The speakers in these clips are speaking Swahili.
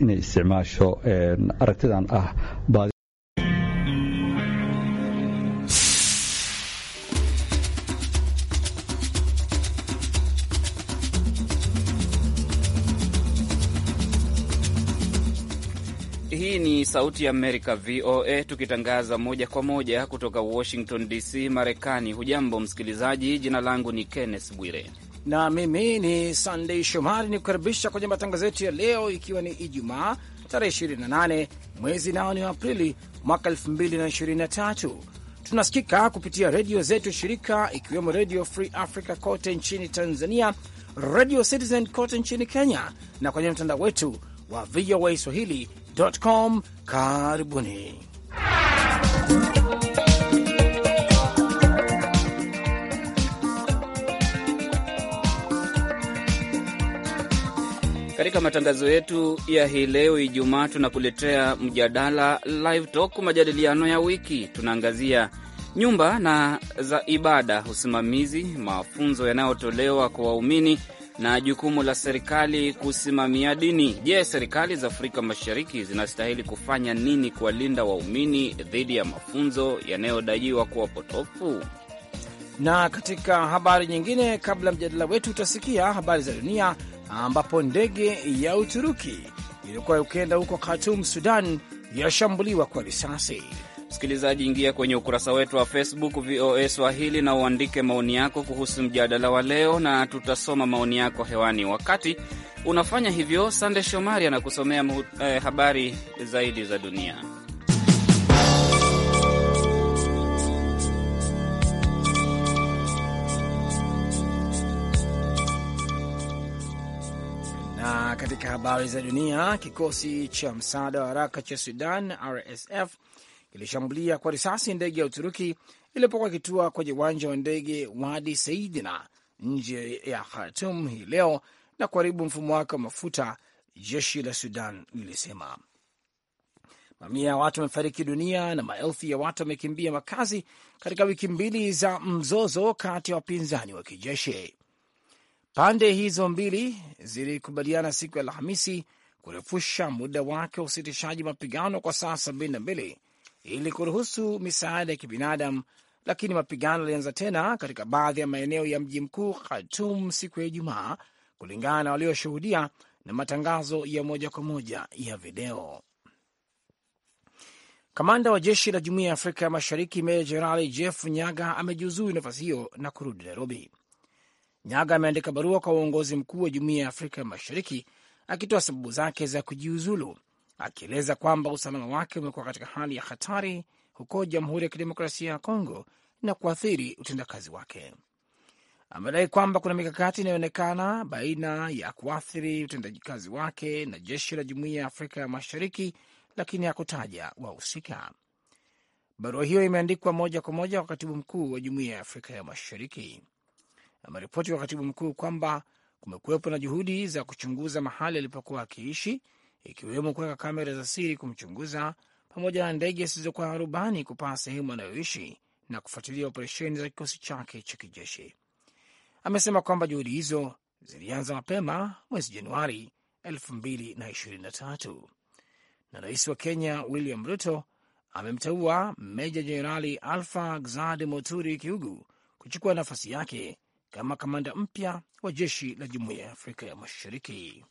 inay isticmaasho aragtidan ah Hii ni Sauti ya Amerika, VOA, tukitangaza moja kwa moja kutoka Washington DC, Marekani. Hujambo msikilizaji, jina langu ni Kenneth Bwire na mimi ni Sandei Shomari ni kukaribisha kwenye matangazo yetu ya leo, ikiwa ni Ijumaa tarehe 28 mwezi nao ni wa Aprili mwaka 2023. Tunasikika kupitia redio zetu shirika ikiwemo Redio Free Africa kote nchini Tanzania, Radio Citizen kote nchini Kenya na kwenye mtandao wetu wa VOA Swahili.com. Karibuni Katika matangazo yetu ya hii leo Ijumaa, tunakuletea mjadala Live Talk, majadiliano ya wiki. Tunaangazia nyumba na za ibada, usimamizi, mafunzo yanayotolewa kwa waumini na jukumu la serikali kusimamia dini. Je, serikali za Afrika Mashariki zinastahili kufanya nini kuwalinda waumini dhidi ya mafunzo yanayodaiwa kuwa potofu? Na katika habari nyingine, kabla mjadala wetu, utasikia habari za dunia ambapo ndege ya Uturuki iliyokuwa ukienda huko Khartoum, Sudan, yashambuliwa kwa risasi. Msikilizaji, ingia kwenye ukurasa wetu wa Facebook VOA Swahili na uandike maoni yako kuhusu mjadala wa leo, na tutasoma maoni yako hewani. Wakati unafanya hivyo, Sande Shomari anakusomea eh, habari zaidi za dunia. katika habari za dunia, kikosi cha msaada wa haraka cha Sudan RSF kilishambulia kwa risasi ndege ya Uturuki ilipokuwa ikitua kwenye uwanja wa ndege Wadi Saidina nje ya Khartum hii leo na kuharibu mfumo wake wa mafuta, jeshi la Sudan lilisema. Mamia ya watu wamefariki dunia na maelfu ya watu wamekimbia makazi katika wiki mbili za mzozo kati ya wapinzani wa kijeshi. Pande hizo mbili zilikubaliana siku ya Alhamisi kurefusha muda wake wa usitishaji mapigano kwa saa sabini na mbili ili kuruhusu misaada ya kibinadamu, lakini mapigano yalianza tena katika baadhi ya maeneo ya mji mkuu khatum siku ya Ijumaa, kulingana na walioshuhudia na matangazo ya moja kwa moja ya video. Kamanda wa jeshi la Jumuiya ya Afrika ya Mashariki, Meja Jenerali Jeff Nyaga amejiuzulu nafasi hiyo na kurudi Nairobi. Nyaga ameandika barua kwa uongozi mkuu wa Jumuiya ya Afrika Mashariki akitoa sababu zake za kujiuzulu, akieleza kwamba usalama wake umekuwa katika hali ya hatari huko Jamhuri ya Kidemokrasia ya Kongo na kuathiri utendakazi wake. Amedai kwamba kuna mikakati inayoonekana baina ya kuathiri utendaji kazi wake na jeshi la Jumuiya ya Afrika ya Mashariki, lakini hakutaja wahusika. Barua hiyo imeandikwa moja kwa moja kwa katibu mkuu wa Jumuiya ya Afrika ya Mashariki ameripoti kwa katibu mkuu kwamba kumekuwepo na juhudi za kuchunguza mahali alipokuwa akiishi, ikiwemo kuweka kamera za siri kumchunguza, pamoja na ndege zisizokuwa na rubani kupaa sehemu anayoishi na kufuatilia operesheni za kikosi chake cha kijeshi. Amesema kwamba juhudi hizo zilianza mapema mwezi Januari 2023 na rais wa Kenya William Ruto amemteua meja jenerali Alfa Gzad Moturi Kiugu kuchukua nafasi yake kama kamanda mpya wa jeshi la jumuiya ya Afrika ya Mashariki.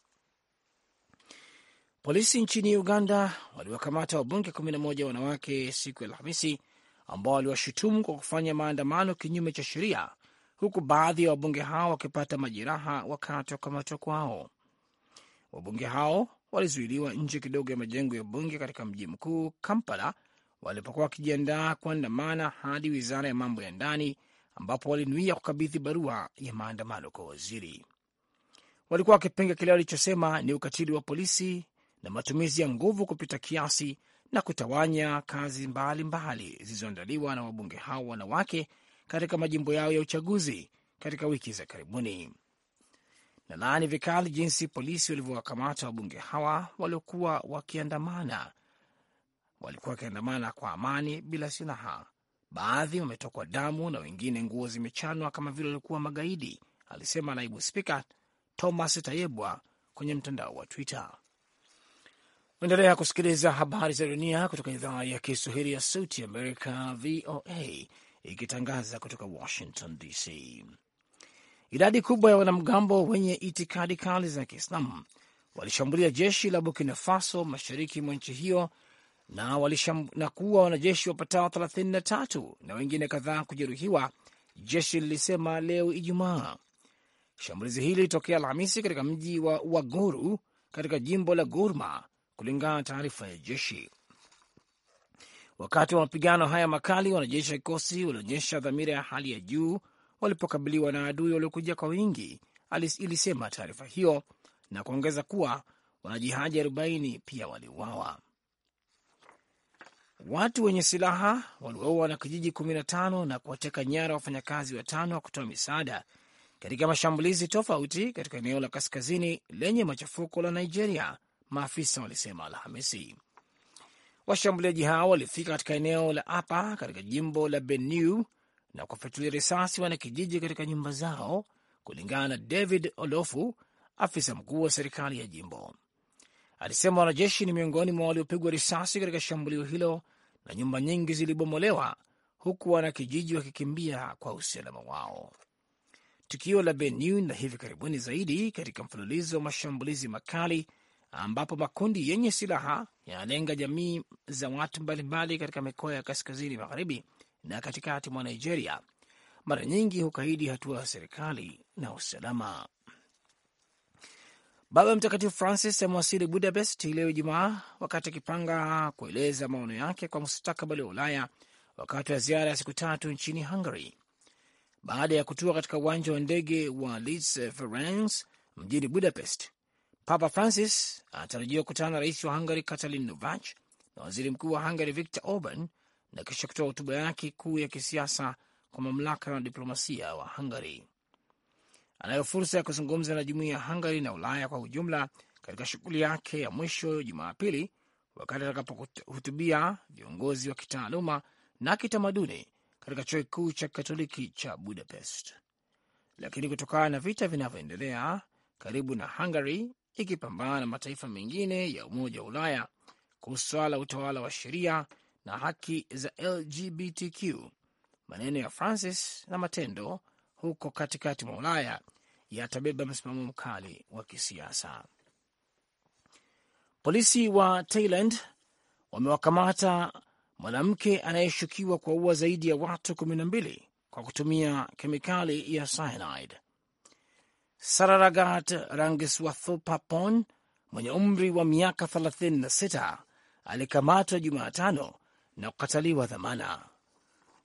Polisi nchini Uganda waliwakamata wabunge 11 wanawake siku ya Alhamisi ambao waliwashutumu kwa kufanya maandamano kinyume cha sheria, huku baadhi ya wabunge hao wakipata majeraha wakati wa kukamatwa kwao. Wabunge hao walizuiliwa nje kidogo ya majengo ya bunge katika mji mkuu Kampala, walipokuwa wakijiandaa kuandamana hadi wizara ya mambo ya ndani ambapo walinuia kukabidhi barua ya maandamano kwa waziri. Walikuwa wakipinga kile walichosema ni ukatili wa polisi na matumizi ya nguvu kupita kiasi na kutawanya kazi mbalimbali zilizoandaliwa na wabunge hao wanawake katika majimbo yao ya uchaguzi katika wiki za karibuni. Na vikali jinsi polisi walivyowakamata wabunge hawa waliokuwa wakiandamana, walikuwa wakiandamana kwa amani bila silaha Baadhi wametokwa damu na wengine nguo zimechanwa kama vile walikuwa magaidi, alisema naibu spika Thomas Tayebwa kwenye mtandao wa Twitter. Endelea kusikiliza habari za dunia kutoka idhaa ya Kiswahili ya Sauti Amerika, VOA, ikitangaza kutoka Washington DC. Idadi kubwa ya wanamgambo wenye itikadi kali za Kiislamu walishambulia jeshi la Burkina Faso mashariki mwa nchi hiyo na walisham, wanajeshi wapatao 33 na wengine kadhaa kujeruhiwa, jeshi lilisema leo Ijumaa. Shambulizi hili lilitokea Alhamisi katika mji wa Wagoru katika jimbo la Gurma, kulingana na taarifa ya jeshi. Wakati wa mapigano haya makali, wanajeshi wa kikosi walionyesha dhamira ya hali ya juu walipokabiliwa na adui waliokuja kwa wingi, ilisema taarifa hiyo, na kuongeza kuwa wanajihadi 40 pia waliuawa. Watu wenye silaha waliwaua wanakijiji kumi na tano na kuwateka nyara wafanyakazi watano wa kutoa misaada katika mashambulizi tofauti katika eneo la kaskazini lenye machafuko la Nigeria, maafisa walisema Alhamisi. Washambuliaji hao walifika katika eneo la Apa katika jimbo la Benue na kufyatulia risasi wanakijiji katika nyumba zao, kulingana na David Olofu, afisa mkuu wa serikali ya jimbo. Alisema wanajeshi ni miongoni mwa waliopigwa risasi katika shambulio hilo na nyumba nyingi zilibomolewa huku wanakijiji wakikimbia kwa usalama wao. Tukio la Benue la hivi karibuni zaidi katika mfululizo wa mashambulizi makali ambapo makundi yenye silaha yanalenga jamii za watu mbalimbali katika mikoa ya kaskazini magharibi na katikati mwa Nigeria mara nyingi hukaidi hatua za serikali na usalama. Baba Mtakatifu Francis amewasili Budapest leo Ijumaa, wakati akipanga kueleza maono yake kwa mustakabali wa Ulaya wakati wa ziara ya siku tatu nchini Hungary. Baada ya kutua katika uwanja wa ndege wa Liszt Ferenc mjini Budapest, Papa Francis anatarajiwa kukutana na rais wa Hungary Katalin Novak na waziri mkuu wa Hungary Victor Orban na kisha kutoa hotuba yake kuu ya kisiasa kwa mamlaka na diplomasia wa Hungary anayo fursa ya kuzungumza na jumuiya ya Hungary na Ulaya kwa ujumla katika shughuli yake ya mwisho Jumapili, wakati atakapohutubia viongozi wa kitaaluma na kitamaduni katika chuo kikuu cha Katoliki cha Budapest. Lakini kutokana na vita vinavyoendelea karibu na Hungary ikipambana na mataifa mengine ya Umoja wa Ulaya kuhusu swala la utawala wa sheria na haki za LGBTQ, maneno ya Francis na matendo huko katikati mwa Ulaya yatabeba msimamo mkali wa kisiasa. Polisi wa Thailand wamewakamata mwanamke anayeshukiwa kuwaua zaidi ya watu kumi na mbili kwa kutumia kemikali ya cyanide. Sararagat Rangeswathopapon mwenye umri wa miaka 36 alikamatwa Jumatano na kukataliwa dhamana.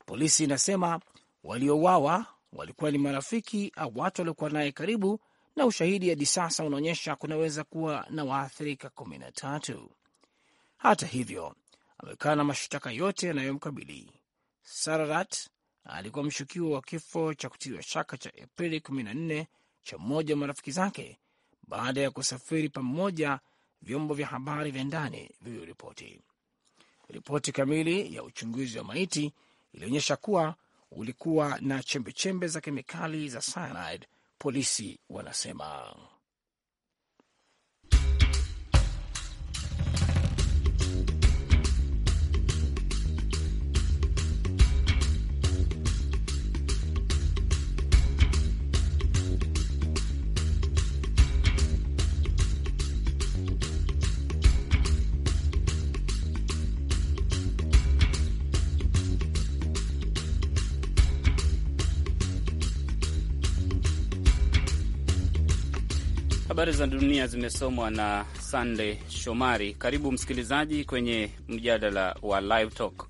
Polisi inasema waliowawa walikuwa ni marafiki au watu waliokuwa naye karibu, na ushahidi hadi sasa unaonyesha kunaweza kuwa na waathirika kumi na tatu. Hata hivyo, amekana mashtaka yote yanayomkabili. Sararat alikuwa mshukiwa wa kifo cha kutiwa shaka cha Aprili 14 cha mmoja wa marafiki zake baada ya kusafiri pamoja, vyombo vya habari vya ndani viliripoti. Ripoti kamili ya uchunguzi wa maiti ilionyesha kuwa ulikuwa na chembechembe za kemikali za cyanide, polisi wanasema. Habari za dunia zimesomwa na Sande Shomari. Karibu msikilizaji kwenye mjadala wa Live Talk.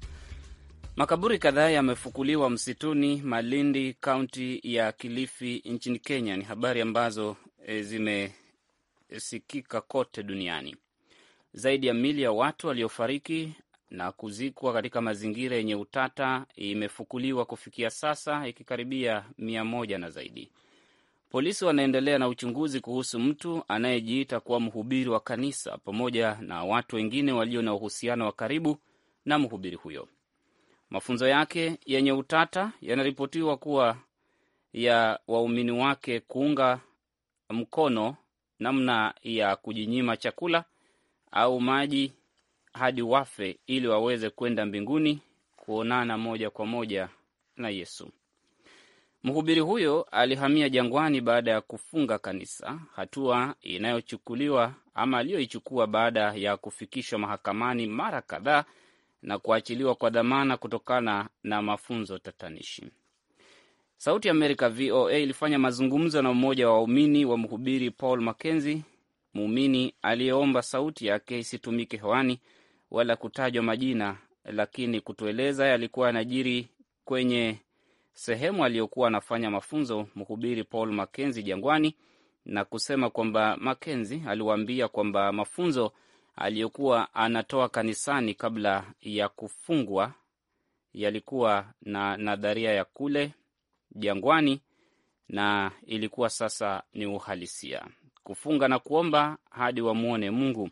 Makaburi kadhaa yamefukuliwa msituni Malindi, kaunti ya Kilifi nchini Kenya. Ni habari ambazo e, zimesikika kote duniani. Zaidi ya mili ya watu waliofariki na kuzikwa katika mazingira yenye utata imefukuliwa kufikia sasa, ikikaribia mia moja na zaidi. Polisi wanaendelea na uchunguzi kuhusu mtu anayejiita kuwa mhubiri wa kanisa pamoja na watu wengine walio na uhusiano wa karibu na mhubiri huyo. Mafunzo yake yenye utata yanaripotiwa kuwa ya waumini wake kuunga mkono namna ya kujinyima chakula au maji hadi wafe ili waweze kwenda mbinguni kuonana moja kwa moja na Yesu. Mhubiri huyo alihamia jangwani baada ya kufunga kanisa, hatua inayochukuliwa ama aliyoichukua baada ya kufikishwa mahakamani mara kadhaa na kuachiliwa kwa dhamana kutokana na mafunzo tatanishi. Sauti ya Amerika VOA ilifanya mazungumzo na mmoja wa waumini wa mhubiri Paul makenzi muumini aliyeomba sauti yake isitumike hewani wala kutajwa majina, lakini kutueleza yalikuwa yanajiri kwenye sehemu aliyokuwa anafanya mafunzo mhubiri Paul Makenzi Jangwani, na kusema kwamba Makenzi aliwaambia kwamba mafunzo aliyokuwa anatoa kanisani kabla ya kufungwa yalikuwa na nadharia ya kule jangwani na ilikuwa sasa ni uhalisia. Kufunga na kuomba hadi wamwone Mungu.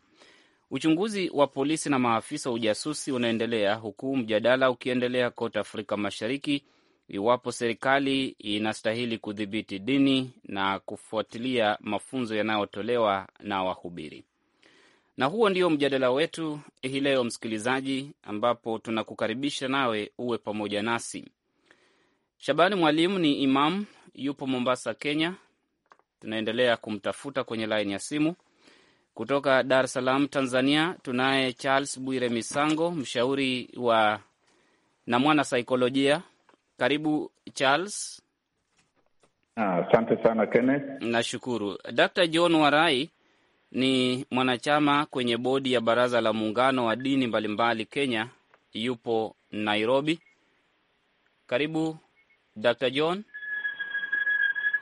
Uchunguzi wa polisi na maafisa wa ujasusi unaendelea huku mjadala ukiendelea kote Afrika Mashariki iwapo serikali inastahili kudhibiti dini na kufuatilia mafunzo yanayotolewa na wahubiri. Na huo ndio mjadala wetu hii leo, msikilizaji, ambapo tunakukaribisha nawe uwe pamoja nasi. Shabani Mwalimu ni imam, yupo Mombasa, Kenya. Tunaendelea kumtafuta kwenye laini ya simu. Kutoka Dar es Salaam, Tanzania, tunaye Charles Bwire Misango, mshauri wa na mwana saikolojia karibu Charles. Ah, asante sana Kenneth. Nashukuru. Dr. John Warai ni mwanachama kwenye bodi ya Baraza la Muungano wa Dini Mbalimbali Kenya, yupo Nairobi. Karibu Dr. John.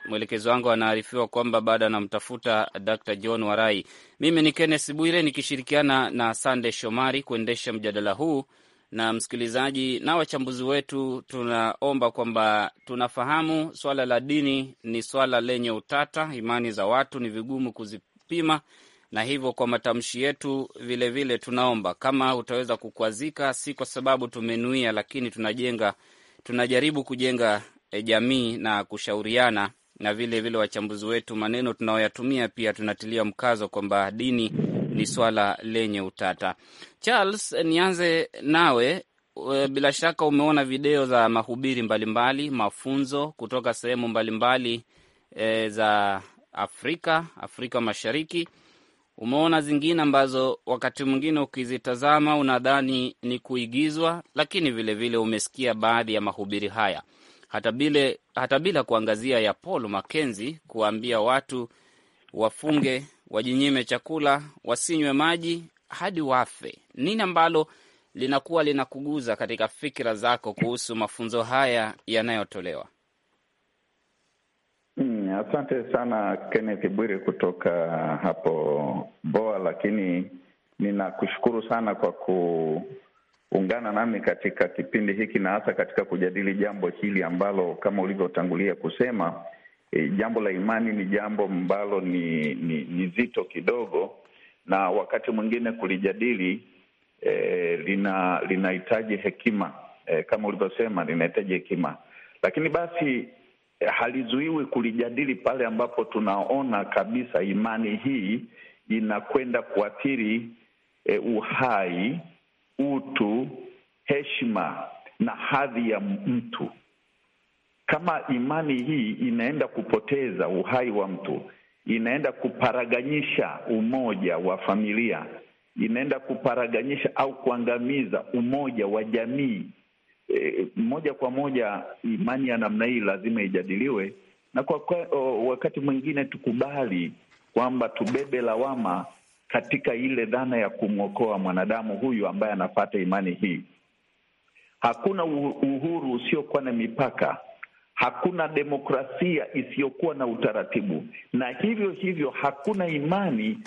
Mwelekezo wangu anaarifiwa kwamba baada anamtafuta Dr. John Warai. Mimi ni Kenneth Bwire nikishirikiana na Sande Shomari kuendesha mjadala huu na msikilizaji na wachambuzi wetu, tunaomba kwamba tunafahamu swala la dini ni swala lenye utata. Imani za watu ni vigumu kuzipima, na hivyo kwa matamshi yetu vilevile vile, tunaomba kama utaweza kukwazika, si kwa sababu tumenuia, lakini tunajenga, tunajaribu kujenga eh, jamii na kushauriana na vilevile vile wachambuzi wetu, maneno tunaoyatumia pia tunatilia mkazo kwamba dini ni swala lenye utata. Charles, nianze nawe. Bila shaka umeona video za mahubiri mbalimbali, mafunzo kutoka sehemu mbalimbali e, za Afrika, Afrika Mashariki. Umeona zingine ambazo wakati mwingine ukizitazama unadhani ni kuigizwa, lakini vilevile vile umesikia baadhi ya mahubiri haya hata, bile, hata bila kuangazia ya Paul Mackenzie kuwaambia watu wafunge wajinyime chakula, wasinywe maji hadi wafe. Nini ambalo linakuwa linakuguza katika fikira zako kuhusu mafunzo haya yanayotolewa? Hmm, asante sana Kenneth Bwire kutoka hapo Boa, lakini ninakushukuru sana kwa kuungana nami katika kipindi hiki na hasa katika kujadili jambo hili ambalo kama ulivyotangulia kusema e, jambo la imani ni jambo ambalo ni, ni, ni zito kidogo, na wakati mwingine kulijadili e, lina linahitaji hekima e, kama ulivyosema linahitaji hekima, lakini basi halizuiwi kulijadili pale ambapo tunaona kabisa imani hii inakwenda kuathiri e, uhai, utu, heshima na hadhi ya mtu. Kama imani hii inaenda kupoteza uhai wa mtu, inaenda kuparaganyisha umoja wa familia, inaenda kuparaganyisha au kuangamiza umoja wa jamii, e, moja kwa moja imani ya namna hii lazima ijadiliwe, na kwa, kwa o, wakati mwingine tukubali kwamba tubebe lawama katika ile dhana ya kumwokoa mwanadamu huyu ambaye anapata imani hii. Hakuna uhuru usiokuwa na mipaka Hakuna demokrasia isiyokuwa na utaratibu, na hivyo hivyo hakuna imani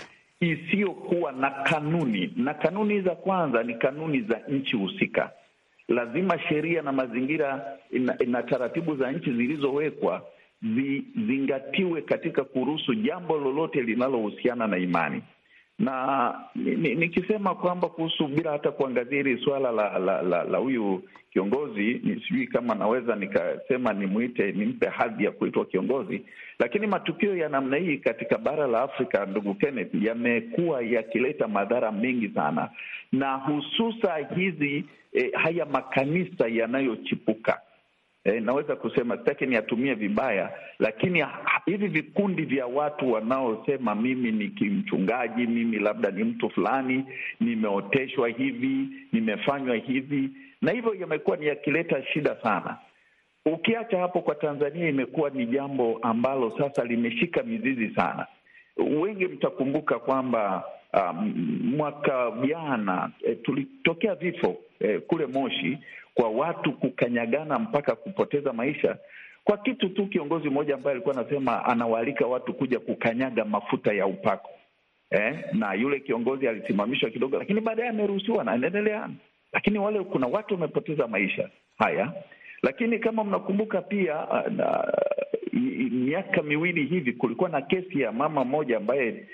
isiyokuwa na kanuni, na kanuni za kwanza ni kanuni za nchi husika. Lazima sheria na mazingira na, na taratibu za nchi zilizowekwa zizingatiwe katika kuruhusu jambo lolote linalohusiana na imani na nikisema ni, ni kwamba kuhusu bila hata kuangazia hili suala la la la, la huyu kiongozi, sijui kama naweza nikasema nimwite nimpe hadhi ya kuitwa kiongozi, lakini matukio ya namna hii katika bara la Afrika, ndugu Kenneth, yamekuwa yakileta madhara mengi sana, na hususa hizi eh, haya makanisa yanayochipuka eh, naweza kusema sitaki niatumie vibaya, lakini hivi vikundi vya watu wanaosema mimi ni kimchungaji, mimi labda ni mtu fulani, nimeoteshwa hivi, nimefanywa hivi, na hivyo yamekuwa ni yakileta shida sana. Ukiacha hapo, kwa Tanzania imekuwa ni jambo ambalo sasa limeshika mizizi sana. Wengi mtakumbuka kwamba um, mwaka jana e, tulitokea vifo eh, kule Moshi kwa watu kukanyagana mpaka kupoteza maisha kwa kitu tu kiongozi mmoja ambaye alikuwa anasema anawaalika watu kuja kukanyaga mafuta ya upako eh? Na yule kiongozi alisimamishwa kidogo, lakini baadaye ameruhusiwa na anaendelea. Lakini wale kuna watu wamepoteza maisha haya. Lakini kama mnakumbuka pia, ah, na miaka miwili hivi kulikuwa na kesi ya mama mmoja ambaye,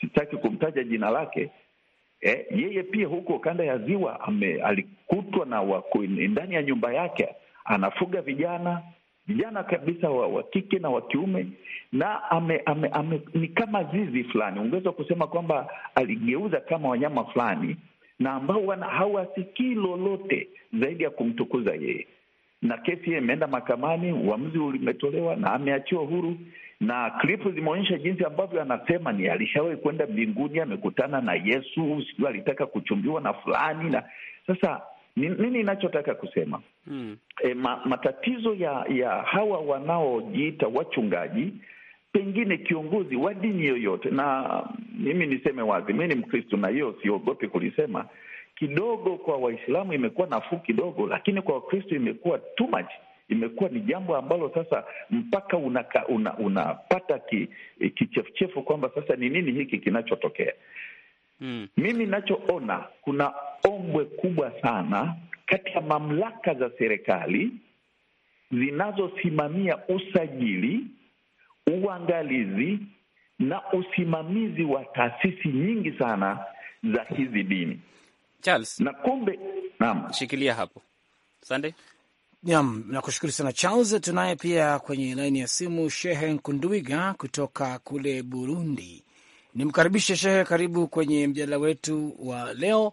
sitaki kumtaja jina lake, eh, yeye pia huko kanda ya ziwa ame, alikutwa na waku, ndani ya nyumba yake anafuga vijana vijana kabisa wa, wa kike na wa kiume na ame, ame, ame, ni kama zizi fulani, ungeweza kusema kwamba aligeuza kama wanyama fulani, na ambao hawasikii lolote zaidi ya kumtukuza yeye. Na kesi hiyo imeenda mahakamani, uamuzi umetolewa na ameachiwa huru, na klipu zimeonyesha jinsi ambavyo anasema ni alishawahi kwenda mbinguni, amekutana na Yesu, sijui alitaka kuchumbiwa na fulani. Na sasa nini inachotaka kusema hmm. E, ma, matatizo ya ya hawa wanaojiita wachungaji, pengine kiongozi wa dini yoyote, na mimi niseme wazi, mi ni mkristu na hiyo siogopi kulisema. Kidogo kwa Waislamu imekuwa nafuu kidogo, lakini kwa wakristu imekuwa too much imekuwa ni jambo ambalo sasa mpaka unapata una, unapata ki, kichefuchefu kwamba sasa ni nini hiki kinachotokea. Mm. Mimi nachoona kuna ombwe kubwa sana kati ya mamlaka za serikali zinazosimamia usajili, uangalizi na usimamizi wa taasisi nyingi sana za hizi dini Charles. Na kumbe, naam, shikilia hapo Sande nam nakushukuru sana Charles. Tunaye pia kwenye laini ya simu Shehe Nkunduiga kutoka kule Burundi. Nimkaribishe Shehe, karibu kwenye mjadala wetu wa leo.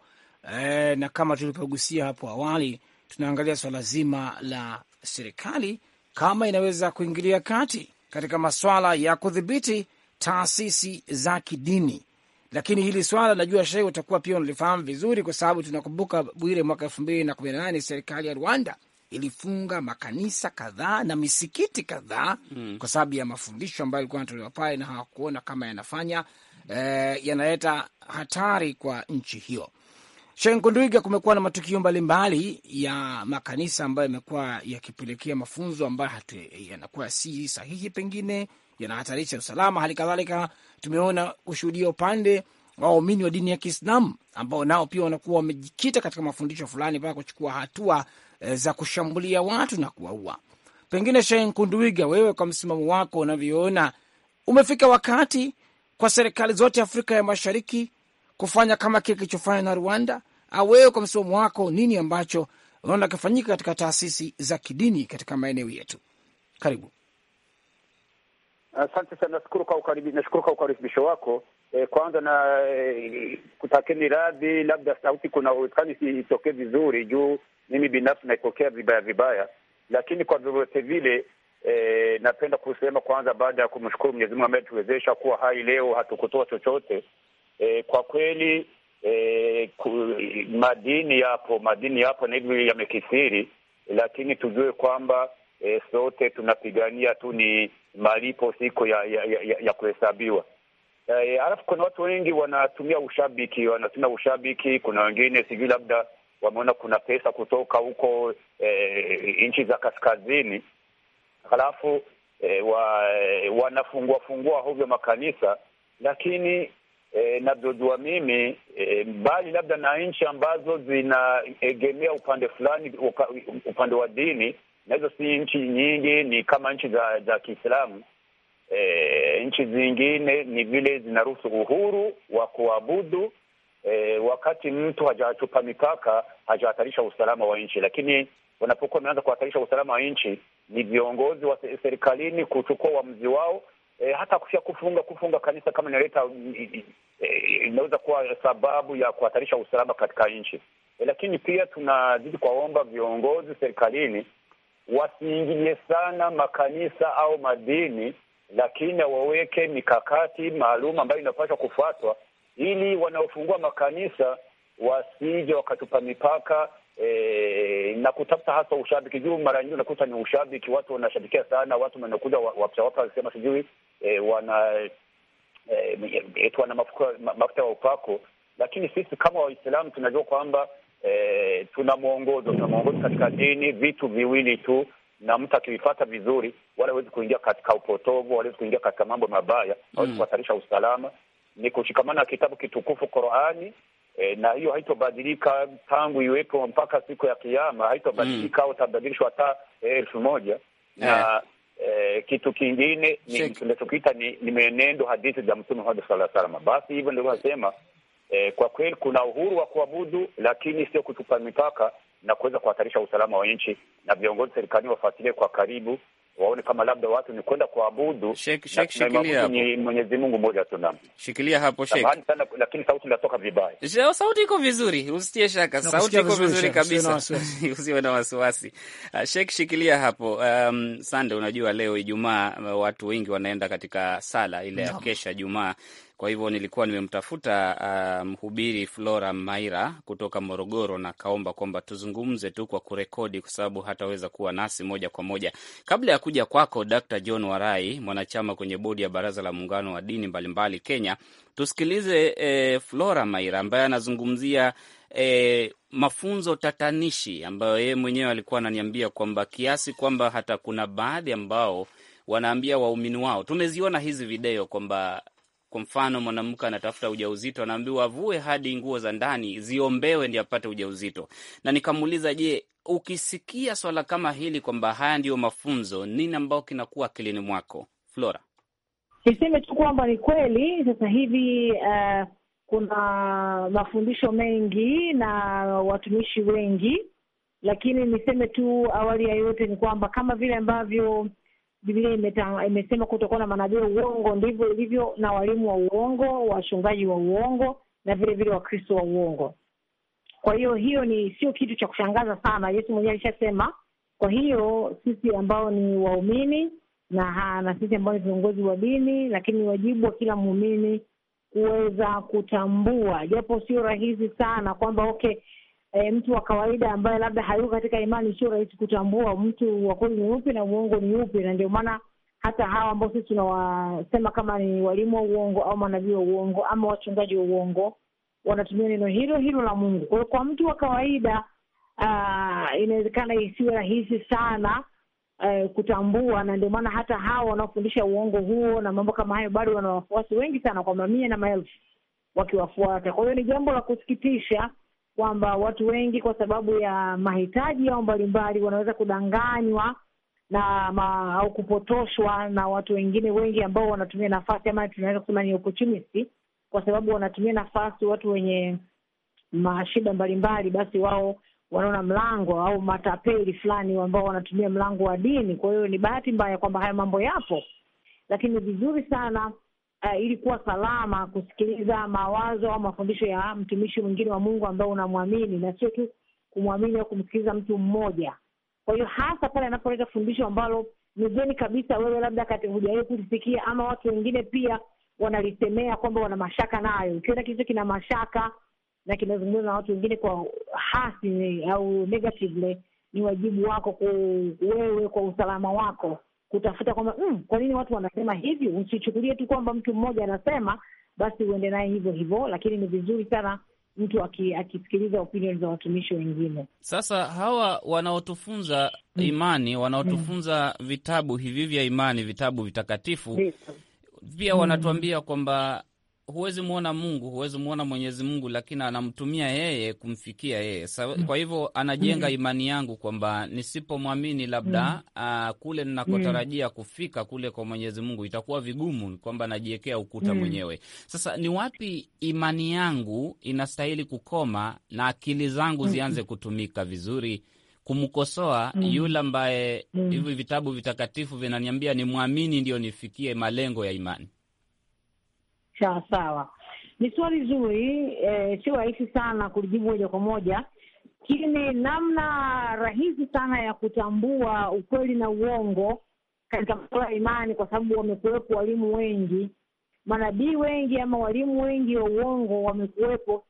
E, na kama tulivyogusia hapo awali, tunaangalia swala zima la serikali kama inaweza kuingilia kati katika maswala ya kudhibiti taasisi za kidini, lakini hili swala najua Shehe utakuwa pia unalifahamu vizuri, kwa sababu tunakumbuka Bwire, mwaka elfu mbili na kumi na nane serikali ya Rwanda ilifunga makanisa kadhaa na misikiti kadhaa mm. kwa sababu ya mafundisho ambayo yalikuwa yanatolewa pale na hawakuona kama yanafanya eh, yanaleta hatari kwa nchi hiyo. Shenkunduiga, kumekuwa na matukio mbalimbali mbali ya makanisa ambayo yamekuwa yakipelekea mafunzo ambayo yanakuwa si sahihi, pengine yanahatarisha usalama. Hali kadhalika tumeona kushuhudia upande waumini wa dini ya Kiislamu ambao nao pia wanakuwa wamejikita katika mafundisho fulani mpaka kuchukua hatua Eh, za kushambulia watu na kuwaua. Pengine Shein Kunduiga, wewe kwa msimamo wako unavyoona, umefika wakati kwa serikali zote Afrika ya Mashariki kufanya kama kile kilichofanya na Rwanda, au wewe kwa msimamo wako nini ambacho unaona kifanyika katika taasisi za kidini katika maeneo yetu? Karibu. Asante sana, nashukuru kwa ukaribi, nashukuru kwa ukaribisho wako. E, kwanza na e, kutakeni radhi, labda sauti kuna uwezekano isitokee vizuri, juu mimi binafsi naipokea vibaya vibaya, lakini kwa vyovyote vile e, napenda kusema kwanza, baada ya kumshukuru Mwenyezi Mungu ambaye tuwezesha kuwa hai leo, hatukutoa chochote e, kwa kweli e, ku, madini yapo, madini yapo na hivi yamekithiri, lakini tujue kwamba e, sote tunapigania tu ni malipo siko ya ya, ya, ya kuhesabiwa. Eh, alafu kuna watu wengi wanatumia ushabiki, wanatumia ushabiki. Kuna wengine sijui labda wameona kuna pesa kutoka huko e, nchi za kaskazini, halafu e, eh, wa, wanafungua fungua hovyo makanisa, lakini e, navyojua mimi e, mbali labda na nchi ambazo zinaegemea upande fulani, upande wa dini na hizo si nchi nyingi, ni kama nchi za za Kiislamu. E, nchi zingine ni vile zinaruhusu uhuru wa kuabudu e, wakati mtu hajachupa mipaka, hajahatarisha usalama wa nchi. Lakini wanapokuwa wameanza kuhatarisha usalama wa nchi, ni viongozi wa serikalini kuchukua uamuzi wao e, hata kufia kufunga kufunga kanisa kama inaleta e, inaweza e, kuwa sababu ya kuhatarisha usalama katika nchi e, lakini pia tunazidi kuwaomba viongozi serikalini wasiingilie sana makanisa au madini, lakini waweke mikakati maalum ambayo inapaswa kufuatwa ili wanaofungua makanisa wasije wakatupa mipaka e, na kutafuta hasa ushabiki juu. Mara nyingi unakuta ni ushabiki, watu wanashabikia sana, watu wanakuja wapchawapa wakisema sijui e, wana e, eh, tuwana mafuta ya upako. Lakini sisi kama Waislamu tunajua kwamba e, tuna mwongozo, tuna mwongozo katika dini, vitu viwili tu, na mtu akivifata vizuri, wala hawezi kuingia katika upotovu, hawezi kuingia katika mambo mabaya, mm. hawezi kuhatarisha usalama. Ni kushikamana na kitabu kitukufu Qur'ani. E, na hiyo haitobadilika tangu iwepo mpaka siku ya Kiyama, haitobadilika mm. au mm. tabadilishwa hata elfu moja yeah. na eh. e, kitu kingine tunachokiita ni, ni mwenendo hadithi za Mtume Muhammad sallallahu alaihi wasallam. Basi hivyo ndio nasema E, kwa kweli kuna uhuru wa kuabudu, lakini sio kutupa mipaka na kuweza kuhatarisha usalama wa nchi, na viongozi serikalini wafuatilie kwa karibu waone kama labda watu ni kwenda kuabudu ni Mwenyezi Mungu mmoja tu. shikilia hapo Sheikh. Sana, lakini sauti inatoka vibaya. Sio oh, sauti iko vizuri, usitie shaka, sauti iko vizuri kabisa, usiwe na wasiwasi. Ah, Sheikh, shikilia hapo. Um, Sande, unajua leo Ijumaa uh, watu wengi wanaenda katika sala ile ya kesha Jumaa kwa hivyo nilikuwa nimemtafuta ah, mhubiri um, Flora Maira kutoka Morogoro na kaomba kwamba tuzungumze tu kwa kurekodi, kwa sababu hataweza kuwa nasi moja kwa moja. Kabla ya kuja kwako, Dr John Warai, mwanachama kwenye bodi ya Baraza la Muungano wa Dini Mbalimbali mbali Kenya, tusikilize eh, Flora Maira ambaye anazungumzia eh, mafunzo tatanishi ambayo yeye mwenyewe alikuwa ananiambia kwamba kiasi kwamba hata kuna baadhi ambao wanaambia waumini wao, tumeziona hizi video kwamba kwa mfano, mwanamke anatafuta ujauzito, anaambiwa avue hadi nguo za ndani ziombewe ndio apate ujauzito. Na nikamuuliza, je, ukisikia swala kama hili kwamba haya ndiyo mafunzo, nini ambao kinakuwa akilini mwako Flora? Niseme tu kwamba ni kweli sasa hivi uh, kuna mafundisho mengi na watumishi wengi, lakini niseme tu awali ya yote ni kwamba kama vile ambavyo Biblia imesema kutokuwa na manabii uongo, ndivyo ilivyo na walimu wa uongo, wachungaji wa uongo na vile vile wakristo wa uongo. Kwa hiyo hiyo ni sio kitu cha kushangaza sana, Yesu mwenyewe alishasema. Kwa hiyo sisi ambao ni waumini na na sisi ambao ni viongozi wa dini, lakini wajibu wa kila muumini kuweza kutambua, japo sio rahisi sana, kwamba okay, e, mtu wa kawaida ambaye labda hayuko katika imani, sio rahisi kutambua mtu wa kweli ni upi na uongo ni upi, na ndio maana hata hawa ambao sisi tunawasema kama ni walimu wa uongo au manabii wa uongo ama wachungaji wa uongo wanatumia neno hilo hilo la Mungu. Kwa hiyo kwa mtu wa kawaida uh, inawezekana isiwe rahisi sana uh, kutambua, na ndio maana hata hawa wanaofundisha uongo huo na mambo kama hayo bado wana wafuasi wengi sana, kwa mamia na maelfu wakiwafuata. Kwa hiyo ni jambo la kusikitisha kwamba watu wengi kwa sababu ya mahitaji yao mbalimbali wanaweza kudanganywa na ma, au kupotoshwa na watu wengine wengi ambao wanatumia nafasi ama tunaweza kusema ni opportunity, kwa sababu wanatumia nafasi watu wenye mashida mbalimbali, basi wao wanaona mlango au matapeli fulani ambao wanatumia mlango wa dini. Kwa hiyo ni bahati mbaya kwamba haya mambo yapo, lakini vizuri sana uh, ili kuwa salama kusikiliza mawazo au mafundisho ya mtumishi mwingine wa Mungu ambao unamwamini na sio tu kumwamini au kumsikiliza mtu mmoja. Kwa hiyo hasa pale anapoleta fundisho ambalo ni geni kabisa, wewe labda kati hujawahi kulisikia, ama watu wengine pia wanalisemea kwamba wana mashaka nayo. Ukiona kitu kina mashaka na kinazungumza na watu wengine kwa hasi au negatively, ni wajibu wako ku, wewe kwa usalama wako kutafuta kwamba mm, kwa nini watu wanasema hivi. Usichukulie tu kwamba mtu mmoja anasema basi uende naye hivyo hivyo, lakini ni vizuri sana mtu akisikiliza opinion za watumishi wengine. Sasa hawa wanaotufunza hmm. imani, wanaotufunza hmm. vitabu hivi vya imani, vitabu vitakatifu, pia hmm. wanatuambia kwamba huwezi mwona Mungu, huwezi mwona Mwenyezi Mungu, lakini anamtumia yeye kumfikia yeye. Kwa hivyo anajenga mm. imani yangu kwamba nisipomwamini labda mm. a, ah, kule ninakotarajia mm. kufika kule kwa Mwenyezi Mungu itakuwa vigumu, kwamba najiwekea ukuta mwenyewe. Sasa ni wapi imani yangu inastahili kukoma na akili zangu zianze kutumika vizuri kumkosoa mm. yule ambaye hivi mm. vitabu vitakatifu vinaniambia nimwamini ndio nifikie malengo ya imani. Sawa sawa, ni swali zuri e, sio rahisi sana kulijibu moja kwa moja, lakini namna rahisi sana ya kutambua ukweli na uongo katika masuala ya imani, kwa sababu wamekuwepo walimu wengi, manabii wengi, ama walimu wengi wa uongo wamekuwepo.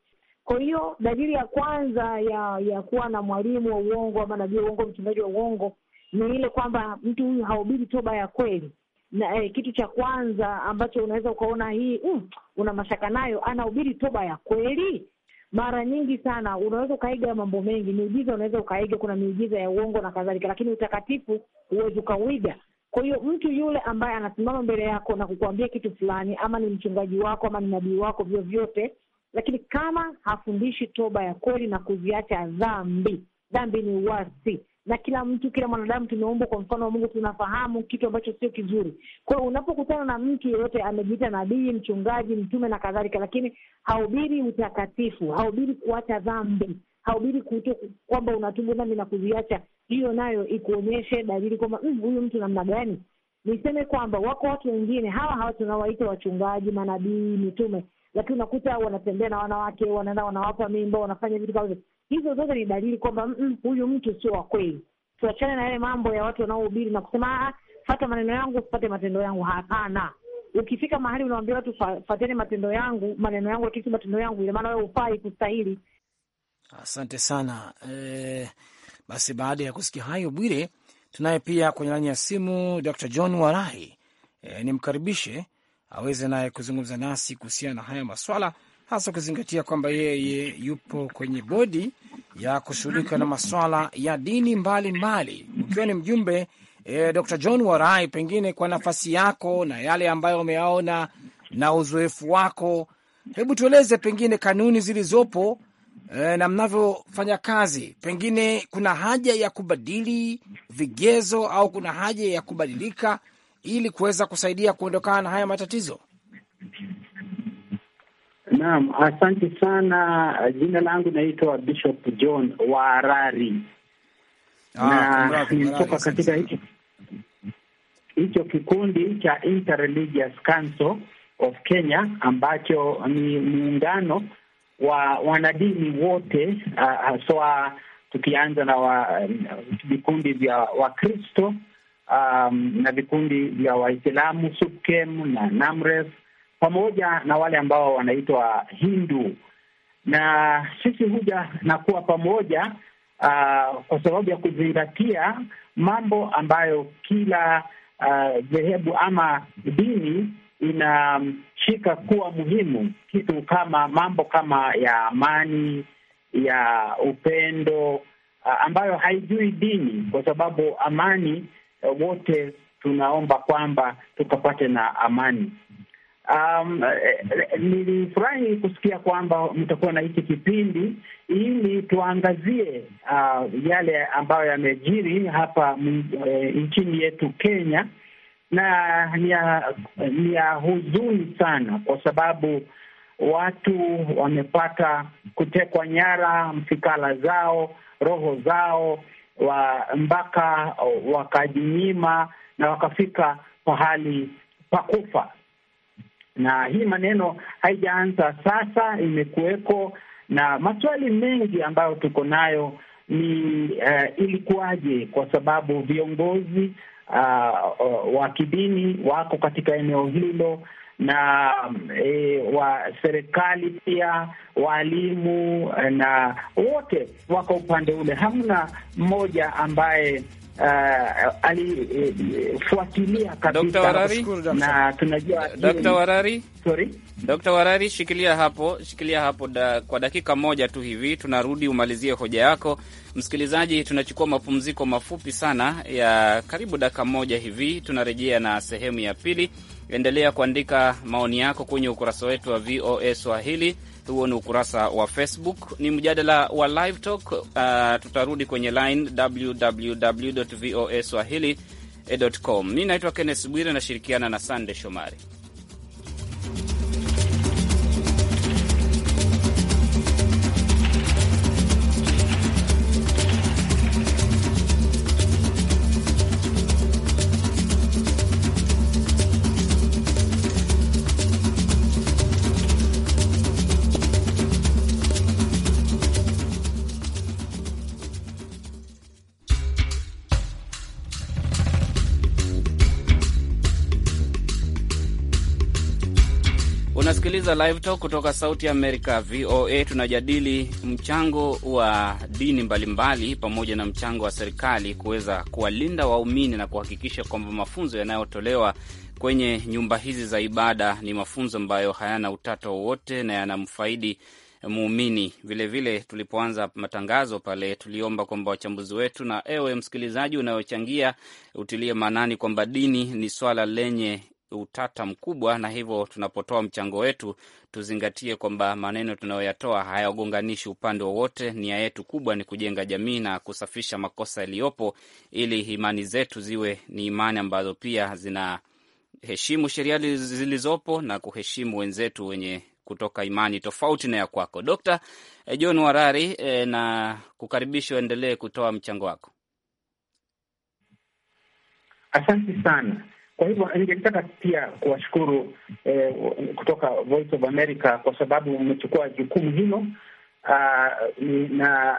Kwa hiyo dalili ya kwanza ya ya kuwa na mwalimu wa uongo ama nabii wa uongo, mchungaji wa uongo, ni ile kwamba mtu huyu haubiri toba ya kweli na, eh, kitu cha kwanza ambacho unaweza ukaona hii mm, una mashaka nayo, anahubiri toba ya kweli. Mara nyingi sana unaweza ukaiga mambo mengi, miujiza unaweza ukaiga, kuna miujiza ya uongo na kadhalika, lakini utakatifu huwezi ukauiga. Kwa hiyo mtu yule ambaye anasimama mbele yako na kukuambia kitu fulani, ama ni mchungaji wako ama ni nabii wako, vyovyote, lakini kama hafundishi toba ya kweli na kuziacha dhambi, dhambi ni uasi na kila mtu, kila mwanadamu tumeumbwa kwa mfano wa Mungu, tunafahamu kitu ambacho sio kizuri. Kwa hiyo unapokutana na mtu yeyote amejiita nabii, mchungaji, mtume na kadhalika, lakini haubiri utakatifu, haubiri kuacha dhambi, haubiri kuto kwamba unatubu dhambi na kuziacha, hiyo nayo ikuonyeshe dalili kwamba mm, huyu mtu namna gani. Niseme kwamba wako watu wengine hawa hawa tunawaita wachungaji, manabii, mitume lakini unakuta wanatembea na wanawake, wanaenda wanawapa mimba, wanafanya vitu kama hivyo. Hizo zote ni dalili kwamba huyu mtu sio wa kweli. Tuachane na yale mambo ya watu wanaohubiri na kusema ah, fata maneno yangu fate matendo yangu. Hapana, ukifika mahali unawambia watu fateni matendo yangu, maneno yangu, lakini si matendo yangu, ina maana wewe hufai kustahili. Asante sana. E, basi baada ya kusikia hayo, Bwire, tunaye pia kwenye laini ya simu Dr John Warahi E, nimkaribishe aweze naye kuzungumza nasi kuhusiana na haya maswala, hasa ukizingatia kwamba yeye yupo kwenye bodi ya kushughulika na maswala ya dini mbalimbali mbali. Ukiwa ni mjumbe eh, Dr. John Warai, pengine kwa nafasi yako na yale ambayo umeyaona na uzoefu wako, hebu tueleze pengine kanuni zilizopo eh, na mnavyofanya kazi, pengine kuna haja ya kubadili vigezo au kuna haja ya kubadilika ili kuweza kusaidia kuondokana na haya matatizo? Naam, asante sana. Jina langu naitwa Bishop John Warari ah, na nilitoka katika hicho kikundi cha Interreligious Council of Kenya ambacho ni muungano wa wanadini wote ah, haswa, uh, tukianza na vikundi vya Wakristo um, na vikundi vya Waislamu SUPKEM na NAMRES pamoja na wale ambao wanaitwa Hindu, na sisi huja na kuwa pamoja uh, kwa sababu ya kuzingatia mambo ambayo kila uh, dhehebu uh, ama dini inashika kuwa muhimu, kitu kama mambo kama ya amani, ya upendo, uh, ambayo haijui dini, kwa sababu amani wote tunaomba kwamba tukapate na amani. Um, eh, eh, nilifurahi kusikia kwamba mtakuwa na hiki kipindi ili tuangazie uh, yale ambayo yamejiri hapa e, nchini yetu Kenya, na ni ya huzuni sana kwa sababu watu wamepata kutekwa nyara mfikala zao, roho zao wa mpaka wakajinyima na wakafika pahali pakufa. Na hii maneno haijaanza sasa, imekuweko na maswali mengi ambayo tuko nayo ni uh, ilikuwaje? Kwa sababu viongozi uh, wa kidini wako katika eneo hilo na e, wa serikali pia waalimu eh, na wote wako upande ule, hamna mmoja ambaye Uh, eh, alifuatilia kabisa na tunajua Dr. Warari. Sorry. Dr. Warari, shikilia hapo, shikilia hapo da, kwa dakika moja tu hivi tunarudi umalizie hoja yako. Msikilizaji, tunachukua mapumziko mafupi sana ya karibu dakika moja hivi, tunarejea na sehemu ya pili Endelea kuandika maoni yako kwenye ukurasa wetu wa VOA Swahili. Huo ni ukurasa wa Facebook, ni mjadala wa Live Talk. Uh, tutarudi kwenye line www voa swahili com. Mi naitwa Kennes Bwire, nashirikiana na Sande Shomari. unasikiliza Live Talk kutoka Sauti ya Amerika, VOA. Tunajadili mchango wa dini mbalimbali mbali, pamoja na mchango wa serikali kuweza kuwalinda waumini na kuhakikisha kwamba mafunzo yanayotolewa kwenye nyumba hizi za ibada ni mafunzo ambayo hayana utata wowote na yanamfaidi muumini vilevile. Tulipoanza matangazo pale, tuliomba kwamba wachambuzi wetu na ewe msikilizaji unayochangia utilie maanani kwamba dini ni swala lenye utata mkubwa, na hivyo tunapotoa mchango wetu tuzingatie kwamba maneno tunayoyatoa hayagonganishi upande wowote. Nia yetu kubwa ni kujenga jamii na kusafisha makosa yaliyopo, ili imani zetu ziwe ni imani ambazo pia zinaheshimu sheria zilizopo na kuheshimu wenzetu wenye kutoka imani tofauti na ya kwako. d eh, John Warari, e, na kukaribisha uendelee kutoa mchango wako. Asante sana. Kwa hivyo ningetaka pia kuwashukuru eh, kutoka Voice of America kwa sababu mmechukua jukumu hilo. Uh, na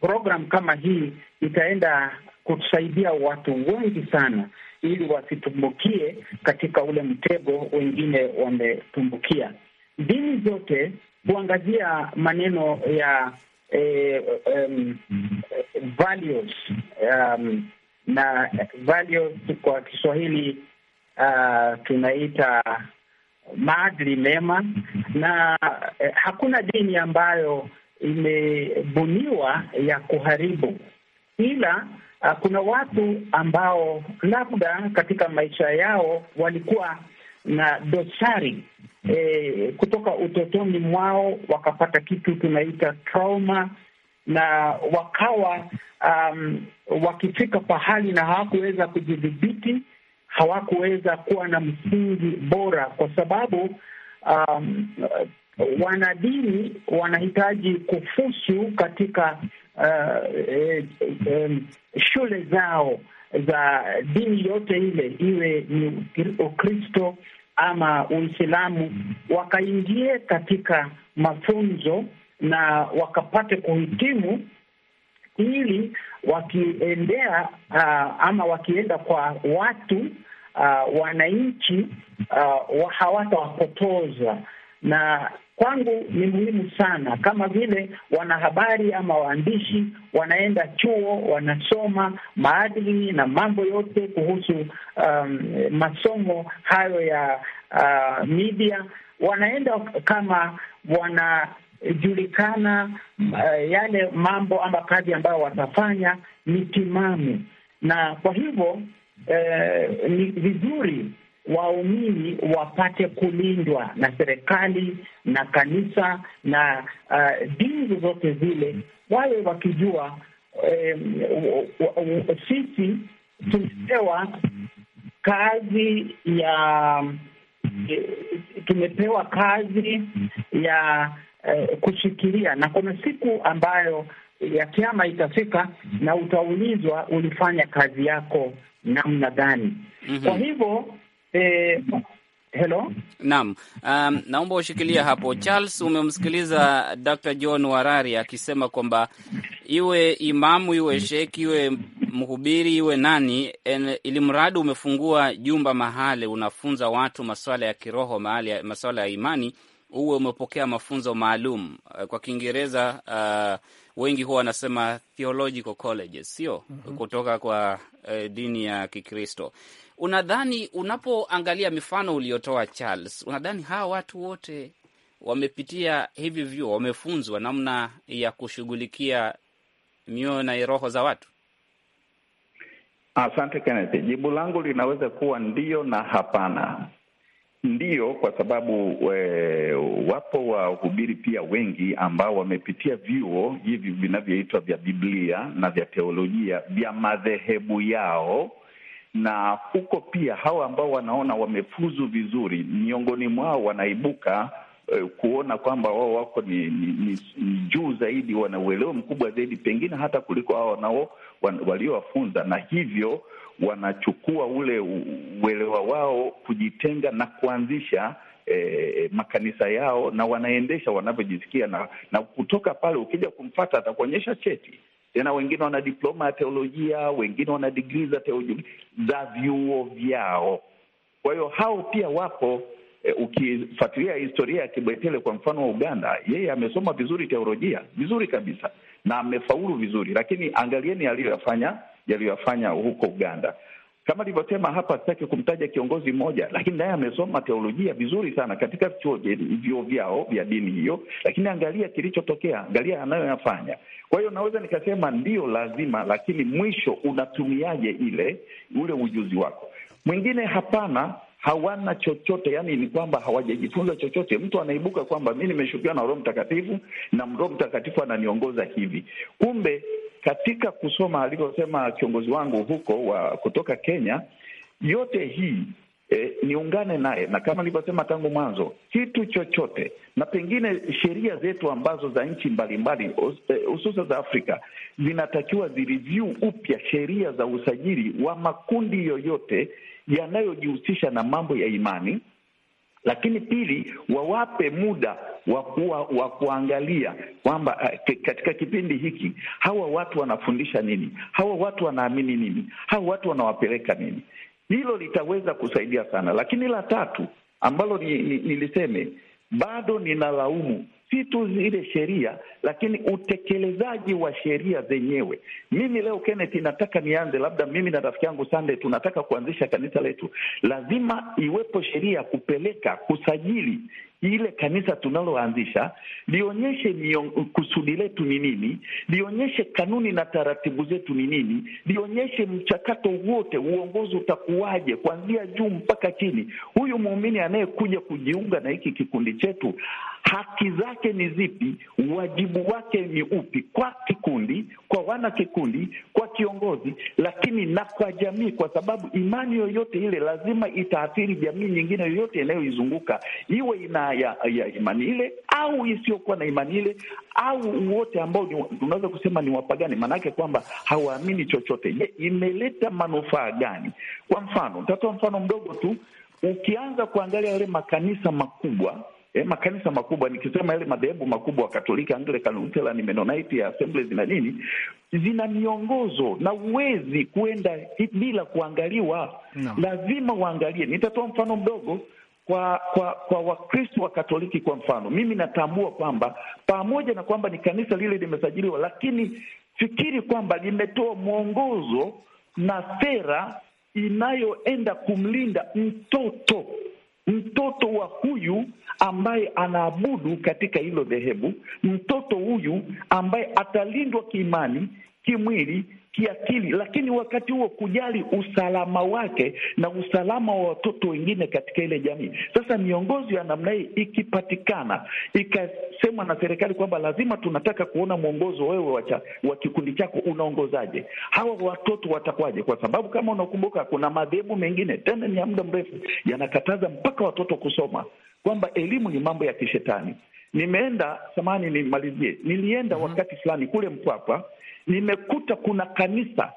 program kama hii itaenda kutusaidia watu wengi sana, ili wasitumbukie katika ule mtego wengine wametumbukia. Dini zote huangazia maneno ya eh, um, values, um, na values kwa Kiswahili uh, tunaita maadili mema, na eh, hakuna dini ambayo imebuniwa ya kuharibu, ila uh, kuna watu ambao labda katika maisha yao walikuwa na dosari eh, kutoka utotoni mwao wakapata kitu tunaita trauma na wakawa um, wakifika pahali na hawakuweza kujidhibiti hawakuweza kuwa na msingi bora, kwa sababu um, wanadini wanahitaji kufusu katika uh, e, e, shule zao za dini yote ile, iwe ni Ukristo ama Uislamu, wakaingie katika mafunzo na wakapate kuhitimu ili wakiendea uh, ama wakienda kwa watu uh, wananchi uh, hawatawapotoza na kwangu ni muhimu sana, kama vile wanahabari ama waandishi wanaenda chuo, wanasoma maadili na mambo yote kuhusu um, masomo hayo ya uh, media, wanaenda kama wana julikana uh, yale mambo ama kazi ambayo watafanya ni timamu, na kwa hivyo eh, ni vizuri waumini wapate kulindwa na serikali na kanisa na uh, dini zozote zile, wawe wakijua eh, sisi tumepewa kazi ya eh, tumepewa kazi ya eh, kushikilia, na kuna siku ambayo ya kiama itafika mhm. na utaulizwa ulifanya kazi yako namna gani? mm -hmm. Kwa hivyo eh, Hello? Naam. Um, naomba ushikilia hapo Charles. Umemsikiliza Dr. John Warari akisema kwamba iwe imamu iwe sheki iwe mhubiri iwe nani, ili mradi umefungua jumba mahali unafunza watu masuala ya kiroho mahali, masuala ya imani uwe umepokea mafunzo maalum eh, kwa Kiingereza uh, wengi huwa wanasema theological colleges, sio mm -hmm. kutoka kwa uh, dini ya Kikristo. Unadhani unapoangalia mifano uliotoa Charles, unadhani hawa watu wote wamepitia hivi vyuo, wamefunzwa namna ya kushughulikia mioyo na roho za watu? Asante Kenneth, jibu langu linaweza kuwa ndio na hapana. Ndiyo, kwa sababu we, eh, wapo wahubiri pia wengi ambao wamepitia vyuo hivi vinavyoitwa vya Biblia na vya teolojia vya madhehebu yao, na huko pia hawa ambao wanaona wamefuzu vizuri, miongoni mwao wanaibuka eh, kuona kwamba wao wako ni, ni, ni, ni juu zaidi, wana uelewa mkubwa zaidi pengine hata kuliko hao wanao waliowafunza, na hivyo wanachukua ule uelewa wao kujitenga na kuanzisha E, makanisa yao na wanaendesha wanavyojisikia, na na kutoka pale ukija kumfata atakuonyesha cheti. Tena wengine wana diploma ya teolojia, wengine wana digrii za teolojia za vyuo vyao. Kwa hiyo hao pia wapo. E, ukifuatilia historia ya Kibwetele kwa mfano wa Uganda, yeye amesoma vizuri teolojia vizuri kabisa, na amefaulu vizuri, lakini angalieni aliyoyafanya yaliyoyafanya huko Uganda. Kama alivyosema hapa, sitaki kumtaja kiongozi mmoja, lakini naye amesoma teolojia vizuri sana katika vyuo vyao vya dini hiyo, lakini angalia kilichotokea, angalia anayoyafanya. Kwa hiyo naweza nikasema ndio lazima, lakini mwisho unatumiaje ile ule ujuzi wako mwingine? Hapana, hawana chochote, yani ni kwamba hawajajifunza chochote. Mtu anaibuka kwamba mi nimeshukiwa na Roho Mtakatifu na Roho Mtakatifu ananiongoza hivi, kumbe katika kusoma alivyosema kiongozi wangu huko wa kutoka Kenya, yote hii E, niungane naye na kama nilivyosema tangu mwanzo, kitu chochote na pengine sheria zetu ambazo za nchi mbalimbali e, hususan za Afrika zinatakiwa zireview upya sheria za usajili wa makundi yoyote yanayojihusisha na mambo ya imani, lakini pili, wawape muda wa kuangalia kwamba e, katika kipindi hiki hawa watu wanafundisha nini, hawa watu wanaamini nini, hawa watu wanawapeleka nini hilo litaweza kusaidia sana. Lakini la tatu ambalo niliseme ni, ni bado ninalaumu si tu zile sheria lakini utekelezaji wa sheria zenyewe. Mimi leo Kenneth, nataka nianze labda, mimi na rafiki yangu Sunday tunataka kuanzisha kanisa letu, lazima iwepo sheria ya kupeleka kusajili ile kanisa tunaloanzisha lionyeshe kusudi letu ni nini, lionyeshe kanuni na taratibu zetu ni nini, lionyeshe mchakato wote, uongozi utakuwaje kuanzia juu mpaka chini. Huyu muumini anayekuja kujiunga na hiki kikundi chetu, haki zake ni zipi? wajibu wajibu wake ni upi kwa kikundi, kwa wana kikundi, kwa kiongozi, lakini na kwa jamii, kwa sababu imani yoyote ile lazima itaathiri jamii nyingine yoyote inayoizunguka, iwe ina ya, ya imani ile au isiyokuwa na imani ile, au wote ambao tunaweza kusema ni wapagani, maanake kwamba hawaamini chochote. Je, imeleta manufaa gani? Kwa mfano, nitatoa mfano mdogo tu. Ukianza kuangalia yale makanisa makubwa E, makanisa makubwa nikisema yale madhehebu makubwa Katoliki, Anglican, Lutheran, Mennonite, Assemblies na nini, zina miongozo na uwezi kuenda bila kuangaliwa no. Lazima uangalie. Nitatoa mfano mdogo kwa kwa kwa Wakristo wa Katoliki kwa mfano, mimi natambua kwamba pamoja na kwamba ni kanisa lile limesajiliwa, lakini fikiri kwamba limetoa mwongozo na sera inayoenda kumlinda mtoto mtoto wa huyu ambaye anaabudu katika hilo dhehebu, mtoto huyu ambaye atalindwa kiimani, kimwili kiakili, lakini wakati huo kujali usalama wake na usalama wa watoto wengine katika ile jamii. Sasa miongozo ya namna hii ikipatikana, ikasemwa na serikali kwamba lazima tunataka kuona mwongozo wewe wa kikundi chako unaongozaje, hawa watoto watakuwaje Kwa sababu kama unakumbuka, kuna madhehebu mengine tena ni ya muda mrefu yanakataza mpaka watoto kusoma, kwamba elimu ni mambo ya kishetani. Nimeenda samani, nimalizie, nilienda mhm. wakati fulani kule Mpwapwa nimekuta kuna kanisa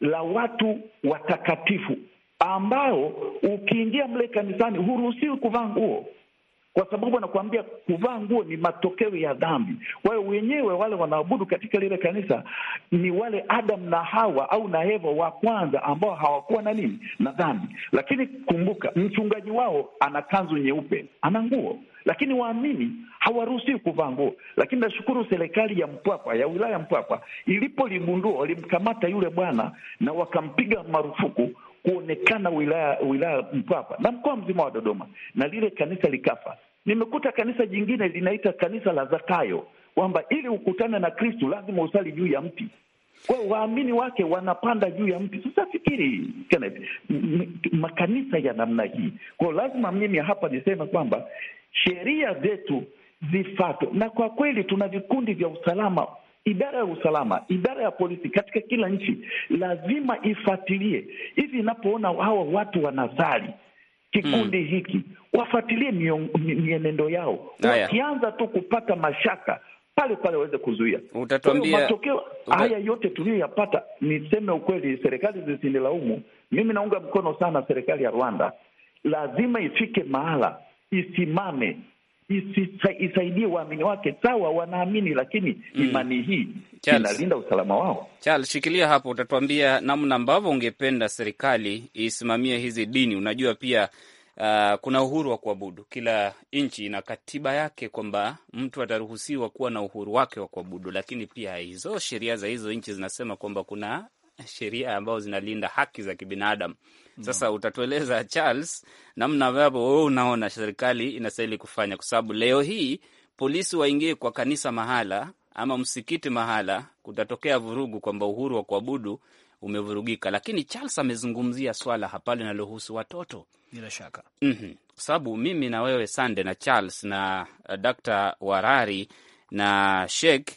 la watu watakatifu ambao ukiingia mle kanisani huruhusiwi kuvaa nguo, kwa sababu anakuambia kuvaa nguo ni matokeo ya dhambi. Kwa hiyo wenyewe wale wanaabudu katika lile kanisa ni wale Adam na Hawa au na Eva wa kwanza ambao hawakuwa na nini na dhambi. Lakini kumbuka, mchungaji wao ana kanzu nyeupe, ana nguo lakini waamini hawaruhusiwi kuvaa nguo. Lakini nashukuru serikali ya Mpwapwa ya wilaya ya Mpwapwa ilipoligundua, walimkamata yule bwana na wakampiga marufuku kuonekana wilaya wilaya Mpwapwa na mkoa mzima wa Dodoma, na lile kanisa likafa. Nimekuta kanisa jingine linaita kanisa la Zakayo kwamba ili ukutane na Kristu lazima usali juu ya mti. Kwa waamini wake wanapanda juu ya mti. Sasa fikiri makanisa ya namna hii. Kwa hiyo lazima mimi hapa niseme kwamba sheria zetu zifuatwe, na kwa kweli tuna vikundi vya usalama idara ya usalama, idara ya polisi katika kila nchi lazima ifuatilie hivi, inapoona hawa watu wanazali kikundi hmm, hiki wafuatilie mienendo yao. Wakianza tu kupata mashaka pale pale waweze kuzuia. Utatuambia matokeo haya yote tuliyoyapata. Niseme ukweli, serikali zisinilaumu mimi, naunga mkono sana serikali ya Rwanda. Lazima ifike mahala isimame isaidie waamini wake. Sawa, wanaamini lakini mm, imani hii inalinda usalama wao. Charles, shikilia hapo, utatuambia namna ambavyo ungependa serikali isimamie hizi dini. Unajua pia uh, kuna uhuru wa kuabudu. Kila nchi ina katiba yake kwamba mtu ataruhusiwa kuwa na uhuru wake wa kuabudu, lakini pia hizo sheria za hizo nchi zinasema kwamba kuna sheria ambazo zinalinda haki za kibinadamu. Sasa no. Utatueleza Charles, namna ambavyo wewe unaona serikali inastahili kufanya, kwa sababu leo hii polisi waingie kwa kanisa mahala ama msikiti mahala, kutatokea vurugu kwamba uhuru wa kuabudu umevurugika, lakini Charles amezungumzia swala hapa linalohusu watoto bila shaka mm -hmm. Kwa sababu mimi na wewe Sande na Charles na uh, Dr. Warari na Sheikh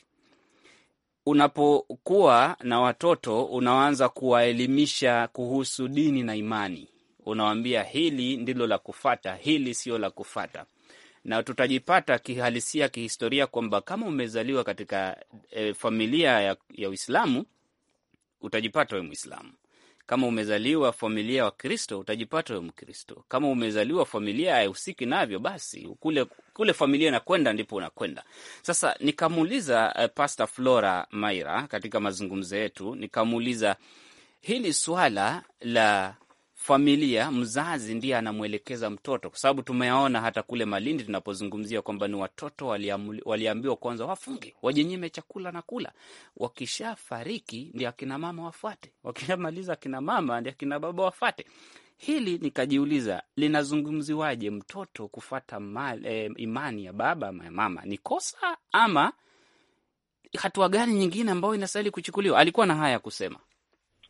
unapokuwa na watoto unaanza kuwaelimisha kuhusu dini na imani, unawambia hili ndilo la kufata, hili sio la kufata, na tutajipata kihalisia, kihistoria kwamba kama umezaliwa katika e, familia ya, ya Uislamu utajipata we Mwislamu. Kama umezaliwa familia wa Kristo utajipata we Mkristo. Kama umezaliwa familia haihusiki navyo, basi kule, kule familia inakwenda ndipo unakwenda. Sasa nikamuuliza uh, Pastor Flora Maira katika mazungumzo yetu, nikamuuliza hili swala la familia, mzazi ndiye anamwelekeza mtoto, kwa sababu tumeaona hata kule Malindi tunapozungumzia kwamba ni watoto waliambiwa kwanza wafunge, wajinyime chakula na kula, wakishafariki ndio akina mama wafuate, wakishamaliza akina mama ndio akina baba wafuate. Hili nikajiuliza linazungumziwaje? Mtoto kufata mal, eh, imani ya baba ama ya mama ni kosa ama hatua gani nyingine ambayo inastahili kuchukuliwa? Alikuwa na haya ya kusema.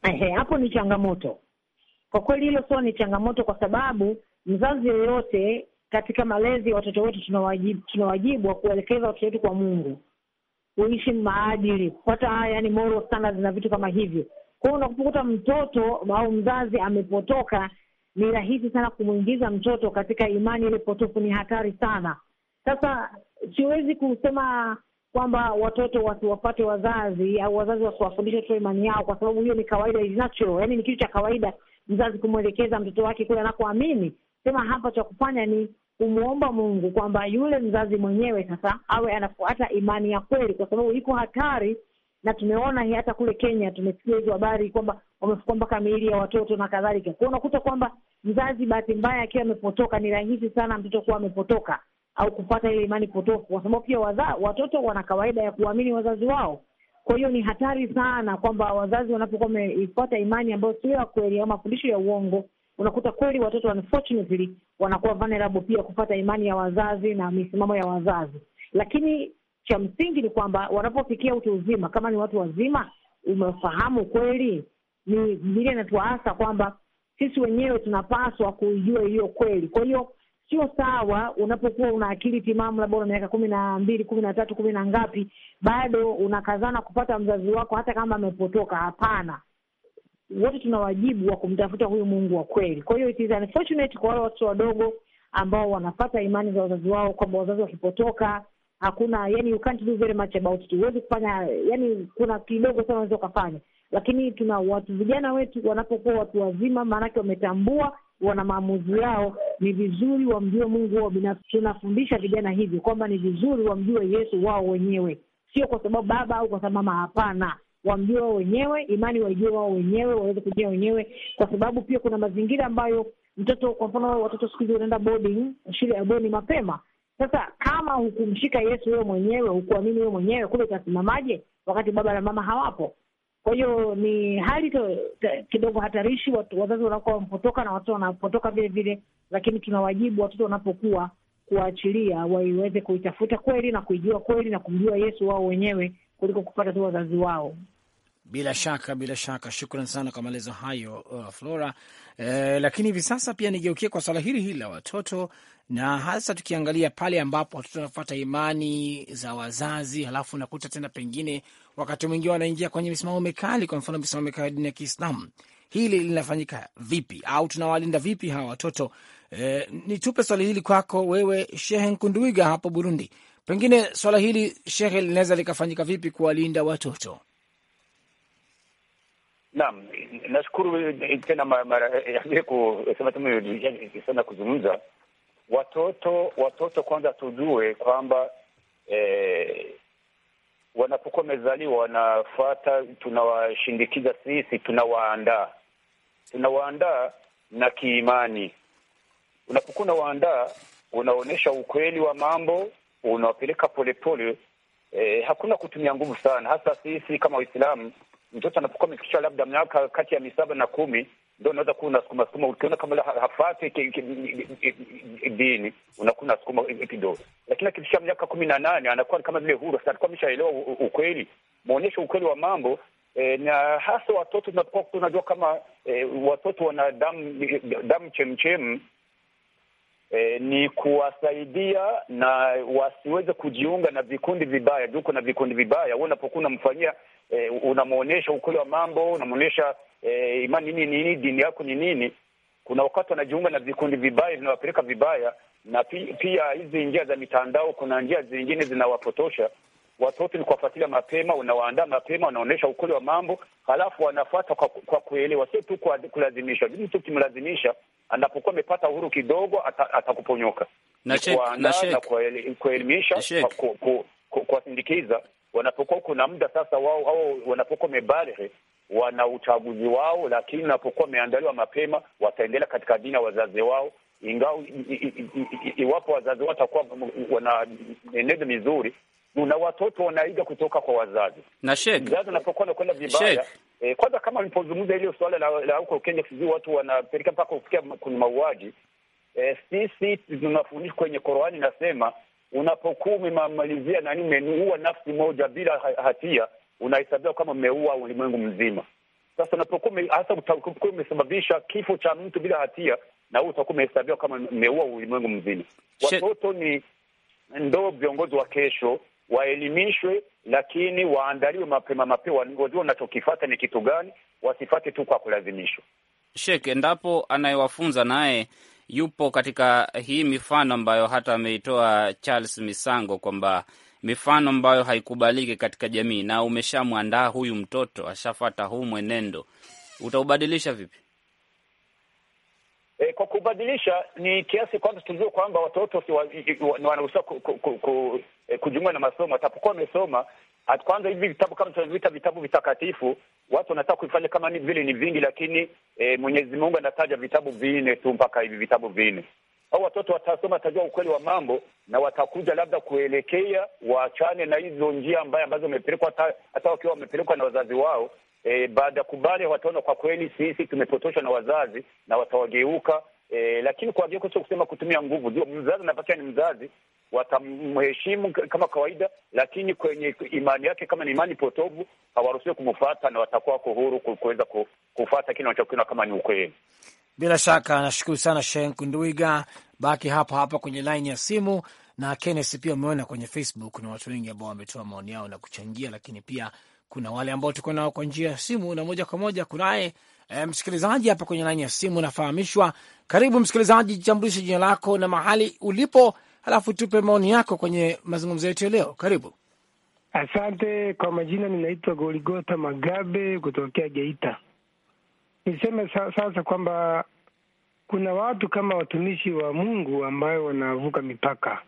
Ehe, hapo ni changamoto kwa kweli hilo sio ni changamoto, kwa sababu mzazi yoyote katika malezi ya watoto wetu tuna wajibu wa kuelekeza watoto wetu kwa Mungu, kuishi maadili, kupata yani moral standards na vitu kama hivyo. Kwa hiyo unakukuta mtoto au mzazi amepotoka, ni rahisi sana kumwingiza mtoto katika imani ile potofu, ni hatari sana. Sasa siwezi kusema kwamba watoto wasiwapate wazazi au wazazi wasiwafundishe tu imani yao, kwa sababu hiyo ni kawaida, is natural, yani ni kitu cha kawaida mzazi kumwelekeza mtoto wake kule anakoamini, sema hapa cha kufanya ni kumwomba Mungu kwamba yule mzazi mwenyewe sasa awe anafuata imani ya kweli, kwa sababu iko hatari. Na tumeona hata kule Kenya tumesikia hizo habari kwamba wamefukua mpaka miili ya watoto na kadhalika. Kwa unakuta kwamba mzazi, bahati mbaya, akiwa amepotoka, ni rahisi sana mtoto kuwa amepotoka au kupata ile imani potofu, kwa sababu pia waza, watoto wana kawaida ya kuamini wazazi wao. Kwa hiyo ni hatari sana kwamba wazazi wanapokuwa wameifuata imani ambayo sio ya kweli au mafundisho ya uongo, unakuta kweli watoto unfortunately wanakuwa vulnerable pia kufata imani ya wazazi na misimamo ya wazazi. Lakini cha msingi ni kwamba wanapofikia utu uzima, kama ni watu wazima, umefahamu kweli, ni Biblia inatuasa kwamba sisi wenyewe tunapaswa kuijua hiyo kweli. Kwa hiyo sio sawa unapokuwa una akili timamu, labda una miaka kumi na mbili, kumi na tatu, kumi na ngapi, bado unakazana kupata mzazi wako hata kama amepotoka. Hapana, wote tuna wajibu wa kumtafuta huyu Mungu wa kweli. Kwa hiyo it is unfortunate kwa wale watoto wadogo ambao wanapata imani za wazazi wao kwamba wazazi wakipotoka hakuna yani, you can't do very much about it, huwezi kufanya yani, kuna kidogo sana unaweza ukafanya, lakini tuna watu vijana wetu wanapokuwa watu wazima, maanake wametambua wana maamuzi yao, ni vizuri wamjue Mungu wao binafsi. Tunafundisha vijana hivi kwamba ni vizuri wamjue Yesu wao wenyewe, sio kwa sababu baba au kwa sababu mama. Hapana, wamjue wao wenyewe, imani waijue wao wenyewe, waweze kujua wenyewe, kwa sababu pia kuna mazingira ambayo mtoto, kwa mfano, watoto siku hizi wanaenda boarding, shule ya bweni mapema. Sasa kama hukumshika Yesu wewe mwenyewe, hukuamini wewe mwenyewe, kule utasimamaje wakati baba na mama hawapo? Kwa hiyo ni hali eh, kidogo hatarishi, wazazi wanakuwa wamepotoka na watoto wanapotoka vile vile, lakini tunawajibu watoto wanapokuwa kuwaachilia waiweze kuitafuta kweli na kuijua kweli na kumjua Yesu wao wenyewe kuliko kupata tu wazazi wao. Bila shaka, bila shaka, shukran sana kwa maelezo hayo uh, Flora. E, lakini hivi sasa pia nigeukie kwa swala hili hili la watoto, na hasa tukiangalia pale ambapo watoto wanafuata imani za wazazi, halafu nakuta tena pengine wakati mwingine wanaingia kwenye misimamo mikali, kwa mfano misimamo mikali ya dini ya Kiislamu. Hili linafanyika vipi au tunawalinda vipi hawa watoto? E, nitupe swali hili kwako wewe Shehe Nkunduiga hapo Burundi, pengine swala hili Shehe, linaweza likafanyika vipi kuwalinda watoto? Naam, nashukuru eh, tena eh, eh, sana kuzungumza watoto. Watoto kwanza tujue kwamba eh, wanapokuwa wamezaliwa wanafata, tunawashindikiza sisi, tunawaandaa tunawaandaa na kiimani. Unapokuwa unawaandaa, unaonyesha ukweli wa mambo, unawapeleka polepole eh, hakuna kutumia nguvu sana, hasa sisi kama Waislamu mtoto anapokuwa amefikisha labda miaka kati ya misaba na kumi ndo unaweza kuwa unasukuma sukuma, ukiona kama hafati dini unakuwa unasukuma kidogo, lakini akifikisha miaka kumi na nane anakuwa kama vile huru sasa, alikuwa ameshaelewa ukweli, maonyesho ukweli wa mambo E, na hasa watoto tunapokuwa tunajua kama e, watoto wana damu damu chemchemu E, ni kuwasaidia na wasiweze kujiunga na vikundi vibaya. Duko na vikundi vibaya, wewe unapokuwa unamfanyia e, unamwonyesha ukweli wa mambo, unamwonyesha e, imani nini nini, dini yako ni nini. Kuna wakati wanajiunga na vikundi vibaya vinawapeleka vibaya, na pi, pia hizi njia za mitandao, kuna njia zingine zinawapotosha watoto. Ni kuwafuatilia mapema, unawaandaa mapema, unaonyesha ukweli wa mambo, halafu wanafuata kwa, kwa kuelewa, sio tu kulazimisha. Mtu ukimlazimisha anapokuwa amepata uhuru kidogo atakuponyoka. Kuandaa na kuelimisha, kuwasindikiza wanapokuwa kuna muda sasa wao, au wanapokuwa wamebalehe wana uchaguzi wao, lakini wanapokuwa wameandaliwa mapema wataendelea katika dini ya wazazi wao, ingawa iwapo wazazi wao watakuwa wana enezo mizuri na watoto wanaiga kutoka kwa wazazi. Na Sheikh, mzazi unapokuwa nakwenda vibaya e, kwanza kama ulipozungumza ile suala la, la huko Kenya, sijui watu wanapeleka mpaka kufikia kuna mauaji e, sisi tunafundishwa kwenye Qur'ani nasema unapokuwa umemalizia nani, umeua nafsi moja bila hatia, unahesabiwa kama umeua ulimwengu mzima. Sasa unapokuwa hasa utakuwa umesababisha kifo cha mtu bila hatia, na wewe utakuwa umehesabiwa kama umeua ulimwengu mzima. Watoto ni ndo viongozi wa kesho waelimishwe, lakini waandaliwe mapema mapema, wangoziwe wanachokifata ni kitu gani, wasifate tu kwa kulazimishwa. Sheikh, endapo anayewafunza naye yupo katika hii mifano ambayo hata ameitoa Charles Misango kwamba mifano ambayo haikubaliki katika jamii, na umeshamwandaa huyu mtoto ashafata huu mwenendo, utaubadilisha vipi? E, kwa kubadilisha ni kiasi kwanza tujue kwamba watoto si wa, eh, kujiunga na masomo. Atapokuwa amesoma kwanza, hivi vitabu kama tunavyoita vitabu vitakatifu, watu wanataka kuifanya kama ni vile ni vingi, lakini e, Mwenyezi Mungu anataja vitabu vinne tu mpaka hivi vitabu vinne au watoto watasoma, watajua ukweli wa mambo na watakuja labda kuelekea waachane na hizo njia ambaye ambazo wamepelekwa, hata wakiwa wamepelekwa na wazazi wao. E, baada ya kubali, wataona kwa kweli sisi tumepotoshwa na wazazi, na watawageuka e, lakini kwa sio kusema kutumia nguvu. Mzazi napakia ni mzazi, watamheshimu kama kawaida, lakini kwenye imani yake, kama ni imani potovu, hawaruhusiwi kumfuata na watakuwa wako huru kuweza kufuata kile wanachokiona kama ni ukweli. Bila shaka nashukuru sana Sheikh Nduiga, baki hapa hapa kwenye laini ya simu na Kenneth pia umeona kwenye Facebook na watu wengi ambao wametoa maoni yao na kuchangia, lakini pia kuna wale ambao tuko nao kwa njia ya simu, na moja kwa moja kunaye e, msikilizaji hapa kwenye laini ya simu unafahamishwa. Karibu msikilizaji, jitambulishe jina lako na mahali ulipo, halafu tupe maoni yako kwenye mazungumzo yetu ya leo. Karibu. Asante kwa majina, ninaitwa Goligota Magabe kutokea Geita. Niseme sasa kwamba kuna watu kama watumishi wa Mungu ambayo wanavuka mipaka,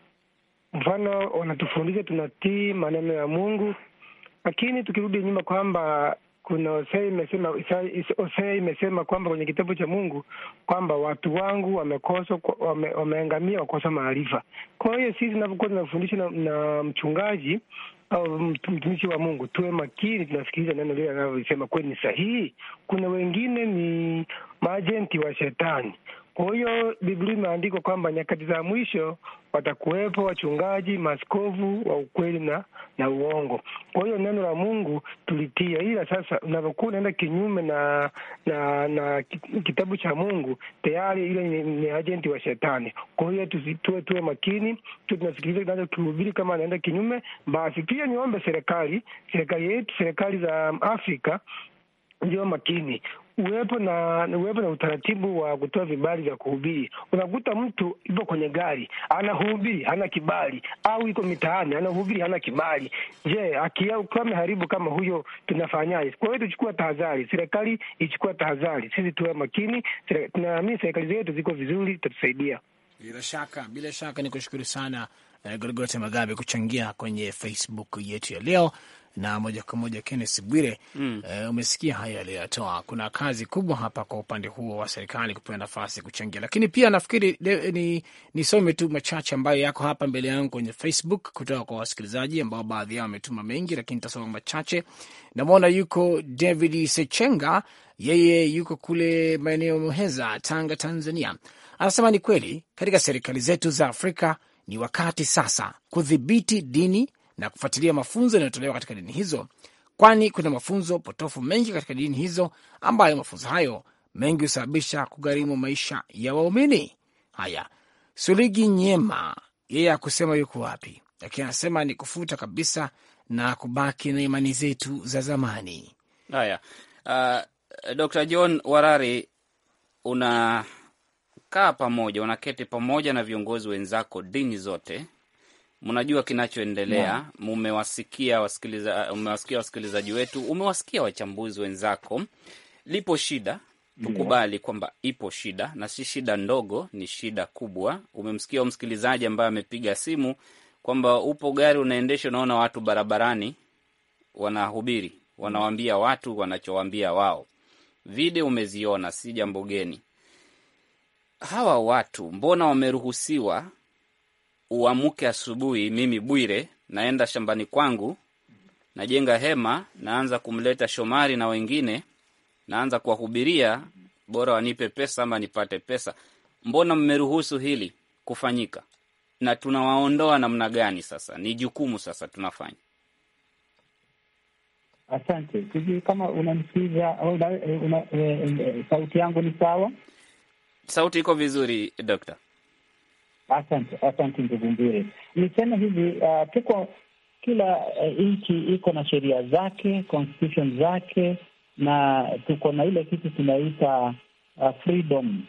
mfano wanatufundisha tunatii maneno ya Mungu, lakini tukirudi nyuma kwamba kuna Hosea imesema, Hosea imesema kwamba kwenye kitabu cha Mungu kwamba watu wangu wamekosa wame, wameangamia wakosa maarifa. Kwa hiyo sisi tunapokuwa tunafundishwa na, na mchungaji au mtumishi wa Mungu tuwe makini, tunasikiliza neno lile anavyosema, kweli ni sahihi. Kuna wengine ni maajenti wa shetani kwa hiyo Biblia imeandikwa kwamba nyakati za mwisho watakuwepo wachungaji, maskofu wa ukweli na na uongo. Kwa hiyo neno la Mungu tulitia, ila sasa unavyokuwa unaenda kinyume na na na kitabu cha Mungu tayari ile ni, ni ajenti wa shetani. Kwa hiyo tuwe tuwe makini tu tunasikiliza kinachokihubiri, kama anaenda kinyume basi. Pia niombe serikali serikali yetu serikali za Afrika ndio makini uwepo na uwepo na utaratibu wa kutoa vibali vya kuhubiri. Unakuta mtu yupo kwenye gari anahubiri, hana kibali, au iko mitaani anahubiri, hana kibali. Je, akiwa meharibu kama huyo, tunafanyaje? Kwa hiyo tuchukua tahadhari, serikali ichukua tahadhari, sisi tuwe makini. Tunaamini serikali zetu ziko vizuri, itatusaidia bila shaka. Bila shaka, nikushukuru sana Gorgote Magabe kuchangia kwenye Facebook yetu ya leo na moja kwa moja Kennes Bwire, mm. Uh, umesikia hayo aliyoyatoa. Kuna kazi kubwa hapa kwa upande huo wa serikali kupewa nafasi kuchangia, lakini pia nafikiri ni nisome tu machache ambayo yako hapa mbele yangu kwenye Facebook kutoka kwa wasikilizaji ambao baadhi yao wametuma mengi, lakini tasoma machache. Namwona yuko David Sechenga, yeye yuko kule maeneo Muheza, Tanga, Tanzania, anasema ni kweli katika serikali zetu za Afrika ni wakati sasa kudhibiti dini na kufuatilia mafunzo yanayotolewa katika dini hizo, kwani kuna mafunzo potofu mengi katika dini hizo, ambayo mafunzo hayo mengi husababisha kugharimu maisha ya waumini. Haya, Suligi Nyema yeye akusema yuko wapi, lakini anasema ni kufuta kabisa na kubaki na imani zetu za zamani. Haya, uh, Dr John Warari, una mnakaa pamoja, unaketi pamoja na viongozi wenzako dini zote, mnajua kinachoendelea, mmewasikia wasikiliza, umewasikia wasikilizaji wetu, umewasikia wachambuzi wenzako. Lipo shida, tukubali kwamba ipo shida na si shida ndogo, ni shida kubwa. Umemsikia msikilizaji ambaye amepiga simu kwamba upo gari unaendesha, unaona watu barabarani wanahubiri, wanawambia watu wanachowambia wao. Video umeziona, si jambo geni hawa watu mbona wameruhusiwa uamke asubuhi? Mimi Bwire naenda shambani kwangu, najenga hema, naanza kumleta Shomari na wengine, naanza kuwahubiria, bora wanipe pesa ama nipate pesa. Mbona mmeruhusu hili kufanyika? Na tunawaondoa namna gani? Sasa ni jukumu sasa tunafanya Asante. Sijui kama unanisikiza, eh, eh, eh, sauti yangu ni sawa? Sauti iko vizuri dokta? Asante, asante ndugu Mbiri. Niseme hivi uh, tuko kila uh, nchi iko na sheria zake constitution zake, na tuko na ile kitu tunaita uh, freedom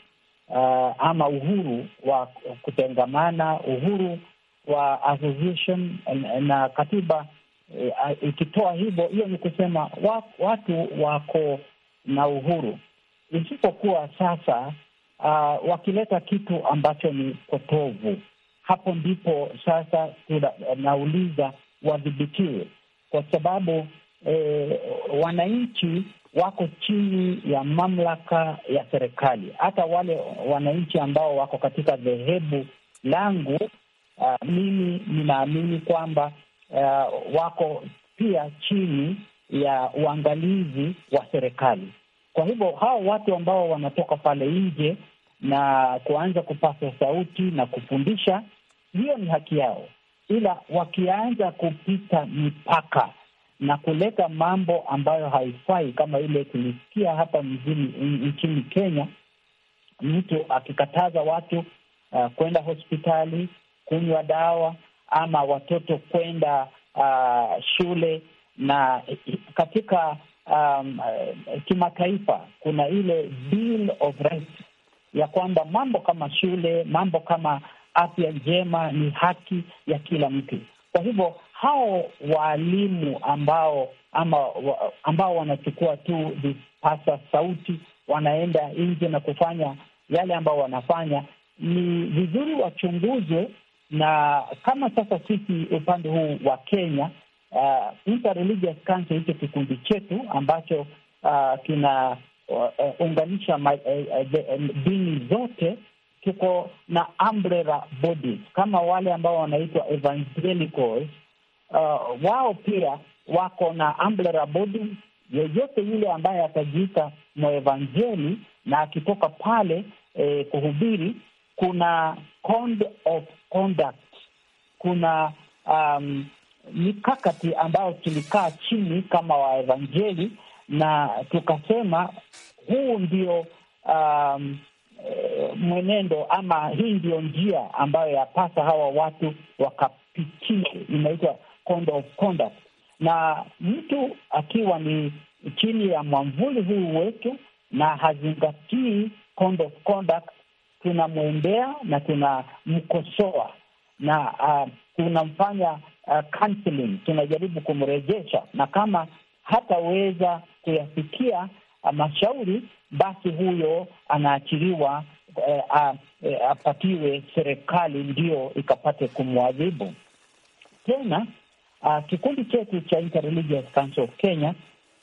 uh, ama uhuru wa kutengamana, uhuru wa association na uh, katiba uh, ikitoa uh, hivyo, hiyo ni kusema watu wako na uhuru, isipokuwa sasa uh, wakileta kitu ambacho ni potovu, hapo ndipo sasa tunauliza eh, wadhibitiwe, kwa sababu eh, wananchi wako chini ya mamlaka ya serikali. Hata wale wananchi ambao wako katika dhehebu langu uh, mimi ninaamini kwamba uh, wako pia chini ya uangalizi wa serikali. Kwa hivyo hao watu ambao wanatoka pale nje na kuanza kupasa sauti na kufundisha, hiyo ni haki yao, ila wakianza kupita mipaka na kuleta mambo ambayo haifai kama ile tulisikia hapa mjini nchini Kenya, mtu akikataza watu uh, kwenda hospitali kunywa dawa ama watoto kwenda uh, shule na katika um, uh, kimataifa kuna ile Bill of Rights ya kwamba mambo kama shule, mambo kama afya njema ni haki ya kila mtu. Kwa hivyo hao waalimu ambao ama wa, ambao wanachukua tu vipasa sauti wanaenda nje na kufanya yale ambao wanafanya, ni vizuri wachunguzwe, na kama sasa sisi upande huu wa Kenya uh, council, hicho kikundi chetu ambacho ah, uh, kinaunganisha uh, eh, uh, eh, eh, dini zote, kiko na umbrella bodies kama wale ambao wanaitwa evangelicals uh, wao pia wako na umbrella body. Yeyote yule ambaye atajiita mwevangeli na akitoka pale eh, kuhubiri, kuna code of conduct, kuna um, mikakati ambayo tulikaa chini kama waevanjeli na tukasema huu ndio um, eh, mwenendo ama hii ndio njia ambayo yapasa hawa watu wakapitia, inaitwa code of conduct. Na mtu akiwa ni chini ya mwamvuli huu wetu na hazingatii code of conduct, tunamwendea na tunamkosoa na uh, tunamfanya uh, counseling tunajaribu kumrejesha, na kama hataweza kuyafikia uh, mashauri, basi huyo anaachiliwa apatiwe uh, uh, uh, apatiwe serikali ndio ikapate kumwadhibu tena. Uh, kikundi chetu cha Interreligious Council of Kenya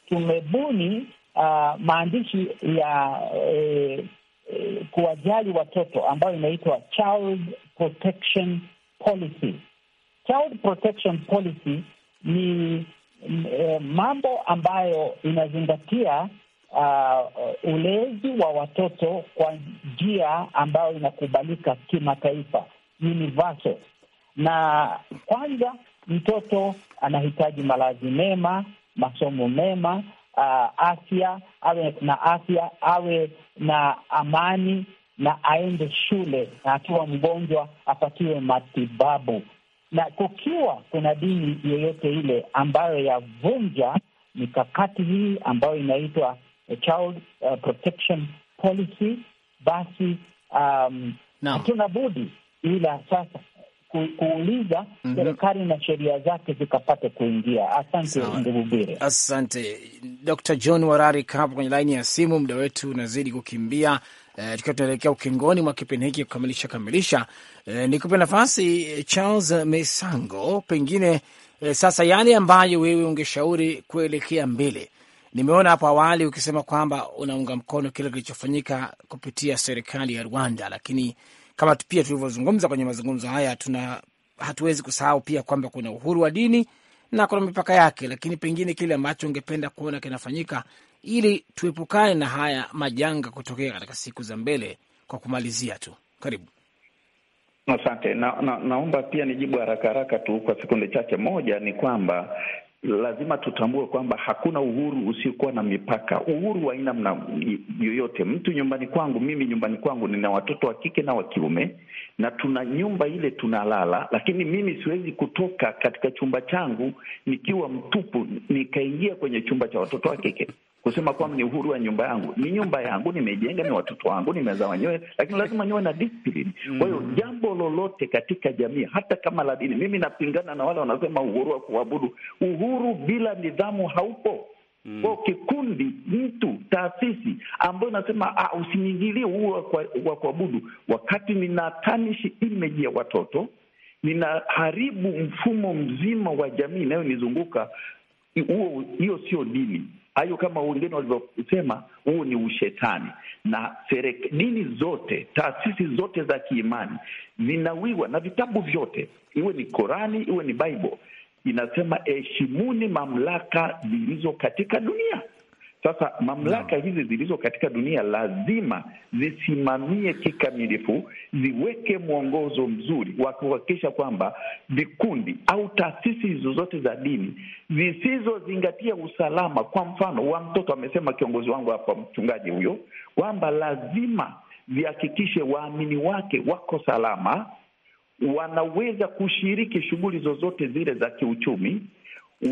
tumebuni uh, maandishi ya uh, kuwajali watoto ambayo inaitwa Child Protection Policy Child Protection Policy ni eh, mambo ambayo inazingatia uh, ulezi wa watoto kwa njia ambayo inakubalika kimataifa universal. Na kwanza mtoto anahitaji malazi mema, masomo mema, uh, afya, awe na afya, awe na amani na aende shule, na akiwa mgonjwa apatiwe matibabu na kukiwa kuna dini yoyote ile ambayo yavunja mikakati hii ambayo inaitwa child uh, protection policy, basi um, no. hatuna budi ila sasa kuuliza mhm. serikali mm -hmm. na sheria zake zikapate kuingia. Asante ndugu Bire. Asante Dr John Warari kapo kwenye laini ya simu, muda wetu unazidi kukimbia eh, tukiwa tunaelekea ukingoni mwa kipindi hiki kukamilisha kamilisha, eh, nikupe nafasi eh, Charles Mesango, pengine eh, sasa yale ambayo wewe ungeshauri kuelekea mbele. Nimeona hapo awali ukisema kwamba unaunga mkono kile kilichofanyika kupitia serikali ya Rwanda, lakini kama pia tulivyozungumza kwenye mazungumzo haya, tuna hatuwezi kusahau pia kwamba kuna uhuru wa dini na kuna mipaka yake, lakini pengine kile ambacho ungependa kuona kinafanyika ili tuepukane na haya majanga kutokea katika siku za mbele. Kwa kumalizia tu, karibu. Asante na, na, naomba pia nijibu haraka haraka tu kwa sekunde chache. Moja ni kwamba lazima tutambue kwamba hakuna uhuru usiokuwa na mipaka. Uhuru wa aina yoyote, mtu nyumbani kwangu, mimi nyumbani kwangu nina watoto wa kike na wa kiume, na tuna nyumba ile tunalala, lakini mimi siwezi kutoka katika chumba changu nikiwa mtupu nikaingia kwenye chumba cha watoto wa kike kusema kwamba ni uhuru wa nyumba yangu, ni nyumba yangu, nimejenga, ni watoto wangu, nimezaa wenyewe, lakini lazima niwe na discipline. Kwa hiyo mm. jambo lolote katika jamii, hata kama la dini, mimi napingana na wale wanasema uhuru wa kuabudu. Uhuru bila nidhamu haupo. Mm. Kwa kikundi, mtu, taasisi ambayo nasema ah, usiingilie huu wa kuabudu, wakati ninatanishi image ya watoto, ninaharibu mfumo mzima wa jamii inayonizunguka, hiyo sio dini hayo kama wengine walivyosema, huu ni ushetani, na serek, dini zote, taasisi zote za kiimani zinawiwa na vitabu vyote, iwe ni Korani iwe ni Bible, inasema heshimuni mamlaka zilizo katika dunia. Sasa mamlaka hizi zilizo katika dunia lazima zisimamie kikamilifu, ziweke mwongozo mzuri wa kuhakikisha kwamba vikundi au taasisi zozote za dini zisizozingatia usalama, kwa mfano wa mtoto, amesema kiongozi wangu hapa, mchungaji huyo, kwamba lazima zihakikishe waamini wake wako salama, wanaweza kushiriki shughuli zozote zile za kiuchumi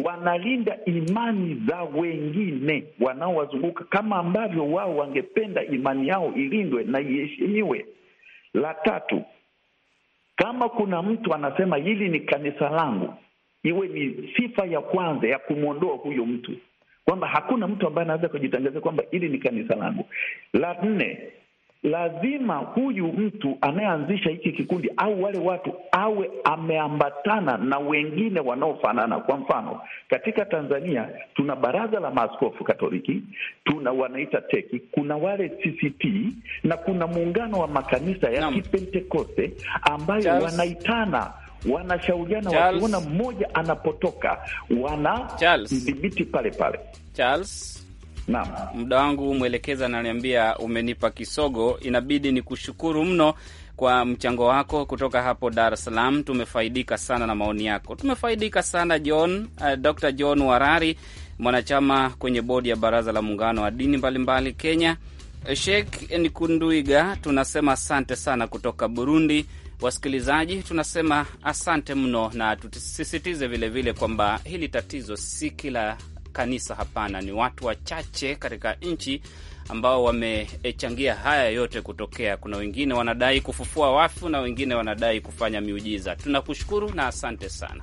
wanalinda imani za wengine wanaowazunguka kama ambavyo wao wangependa imani yao ilindwe na iheshimiwe. La tatu, kama kuna mtu anasema hili ni kanisa langu, iwe ni sifa ya kwanza ya kumwondoa huyo mtu, kwamba hakuna mtu ambaye anaweza kujitangaza kwamba hili ni kanisa langu. La nne, lazima huyu mtu anayeanzisha hiki kikundi au wale watu awe ameambatana na wengine wanaofanana. Kwa mfano, katika Tanzania tuna baraza la maaskofu Katoliki, tuna wanaita teki, kuna wale CCT na kuna muungano wa makanisa ya Kipentekoste ambayo Charles, wanaitana wanashauriana, wakiona mmoja anapotoka wanamdhibiti pale pale. Charles. Naam, muda wangu mwelekezi ananiambia umenipa kisogo, inabidi ni kushukuru mno kwa mchango wako kutoka hapo Dar es Salaam. Tumefaidika sana na maoni yako, tumefaidika sana John, uh, eh, Dr. John Warari, mwanachama kwenye bodi ya baraza la muungano wa dini mbalimbali Kenya. Eh, Sheikh Nikunduiga tunasema asante sana kutoka Burundi. Wasikilizaji tunasema asante mno, na tusisitize vilevile kwamba hili tatizo si kila kanisa hapana. Ni watu wachache katika nchi ambao wamechangia haya yote kutokea. Kuna wengine wanadai kufufua wafu na wengine wanadai kufanya miujiza. Tunakushukuru na asante sana.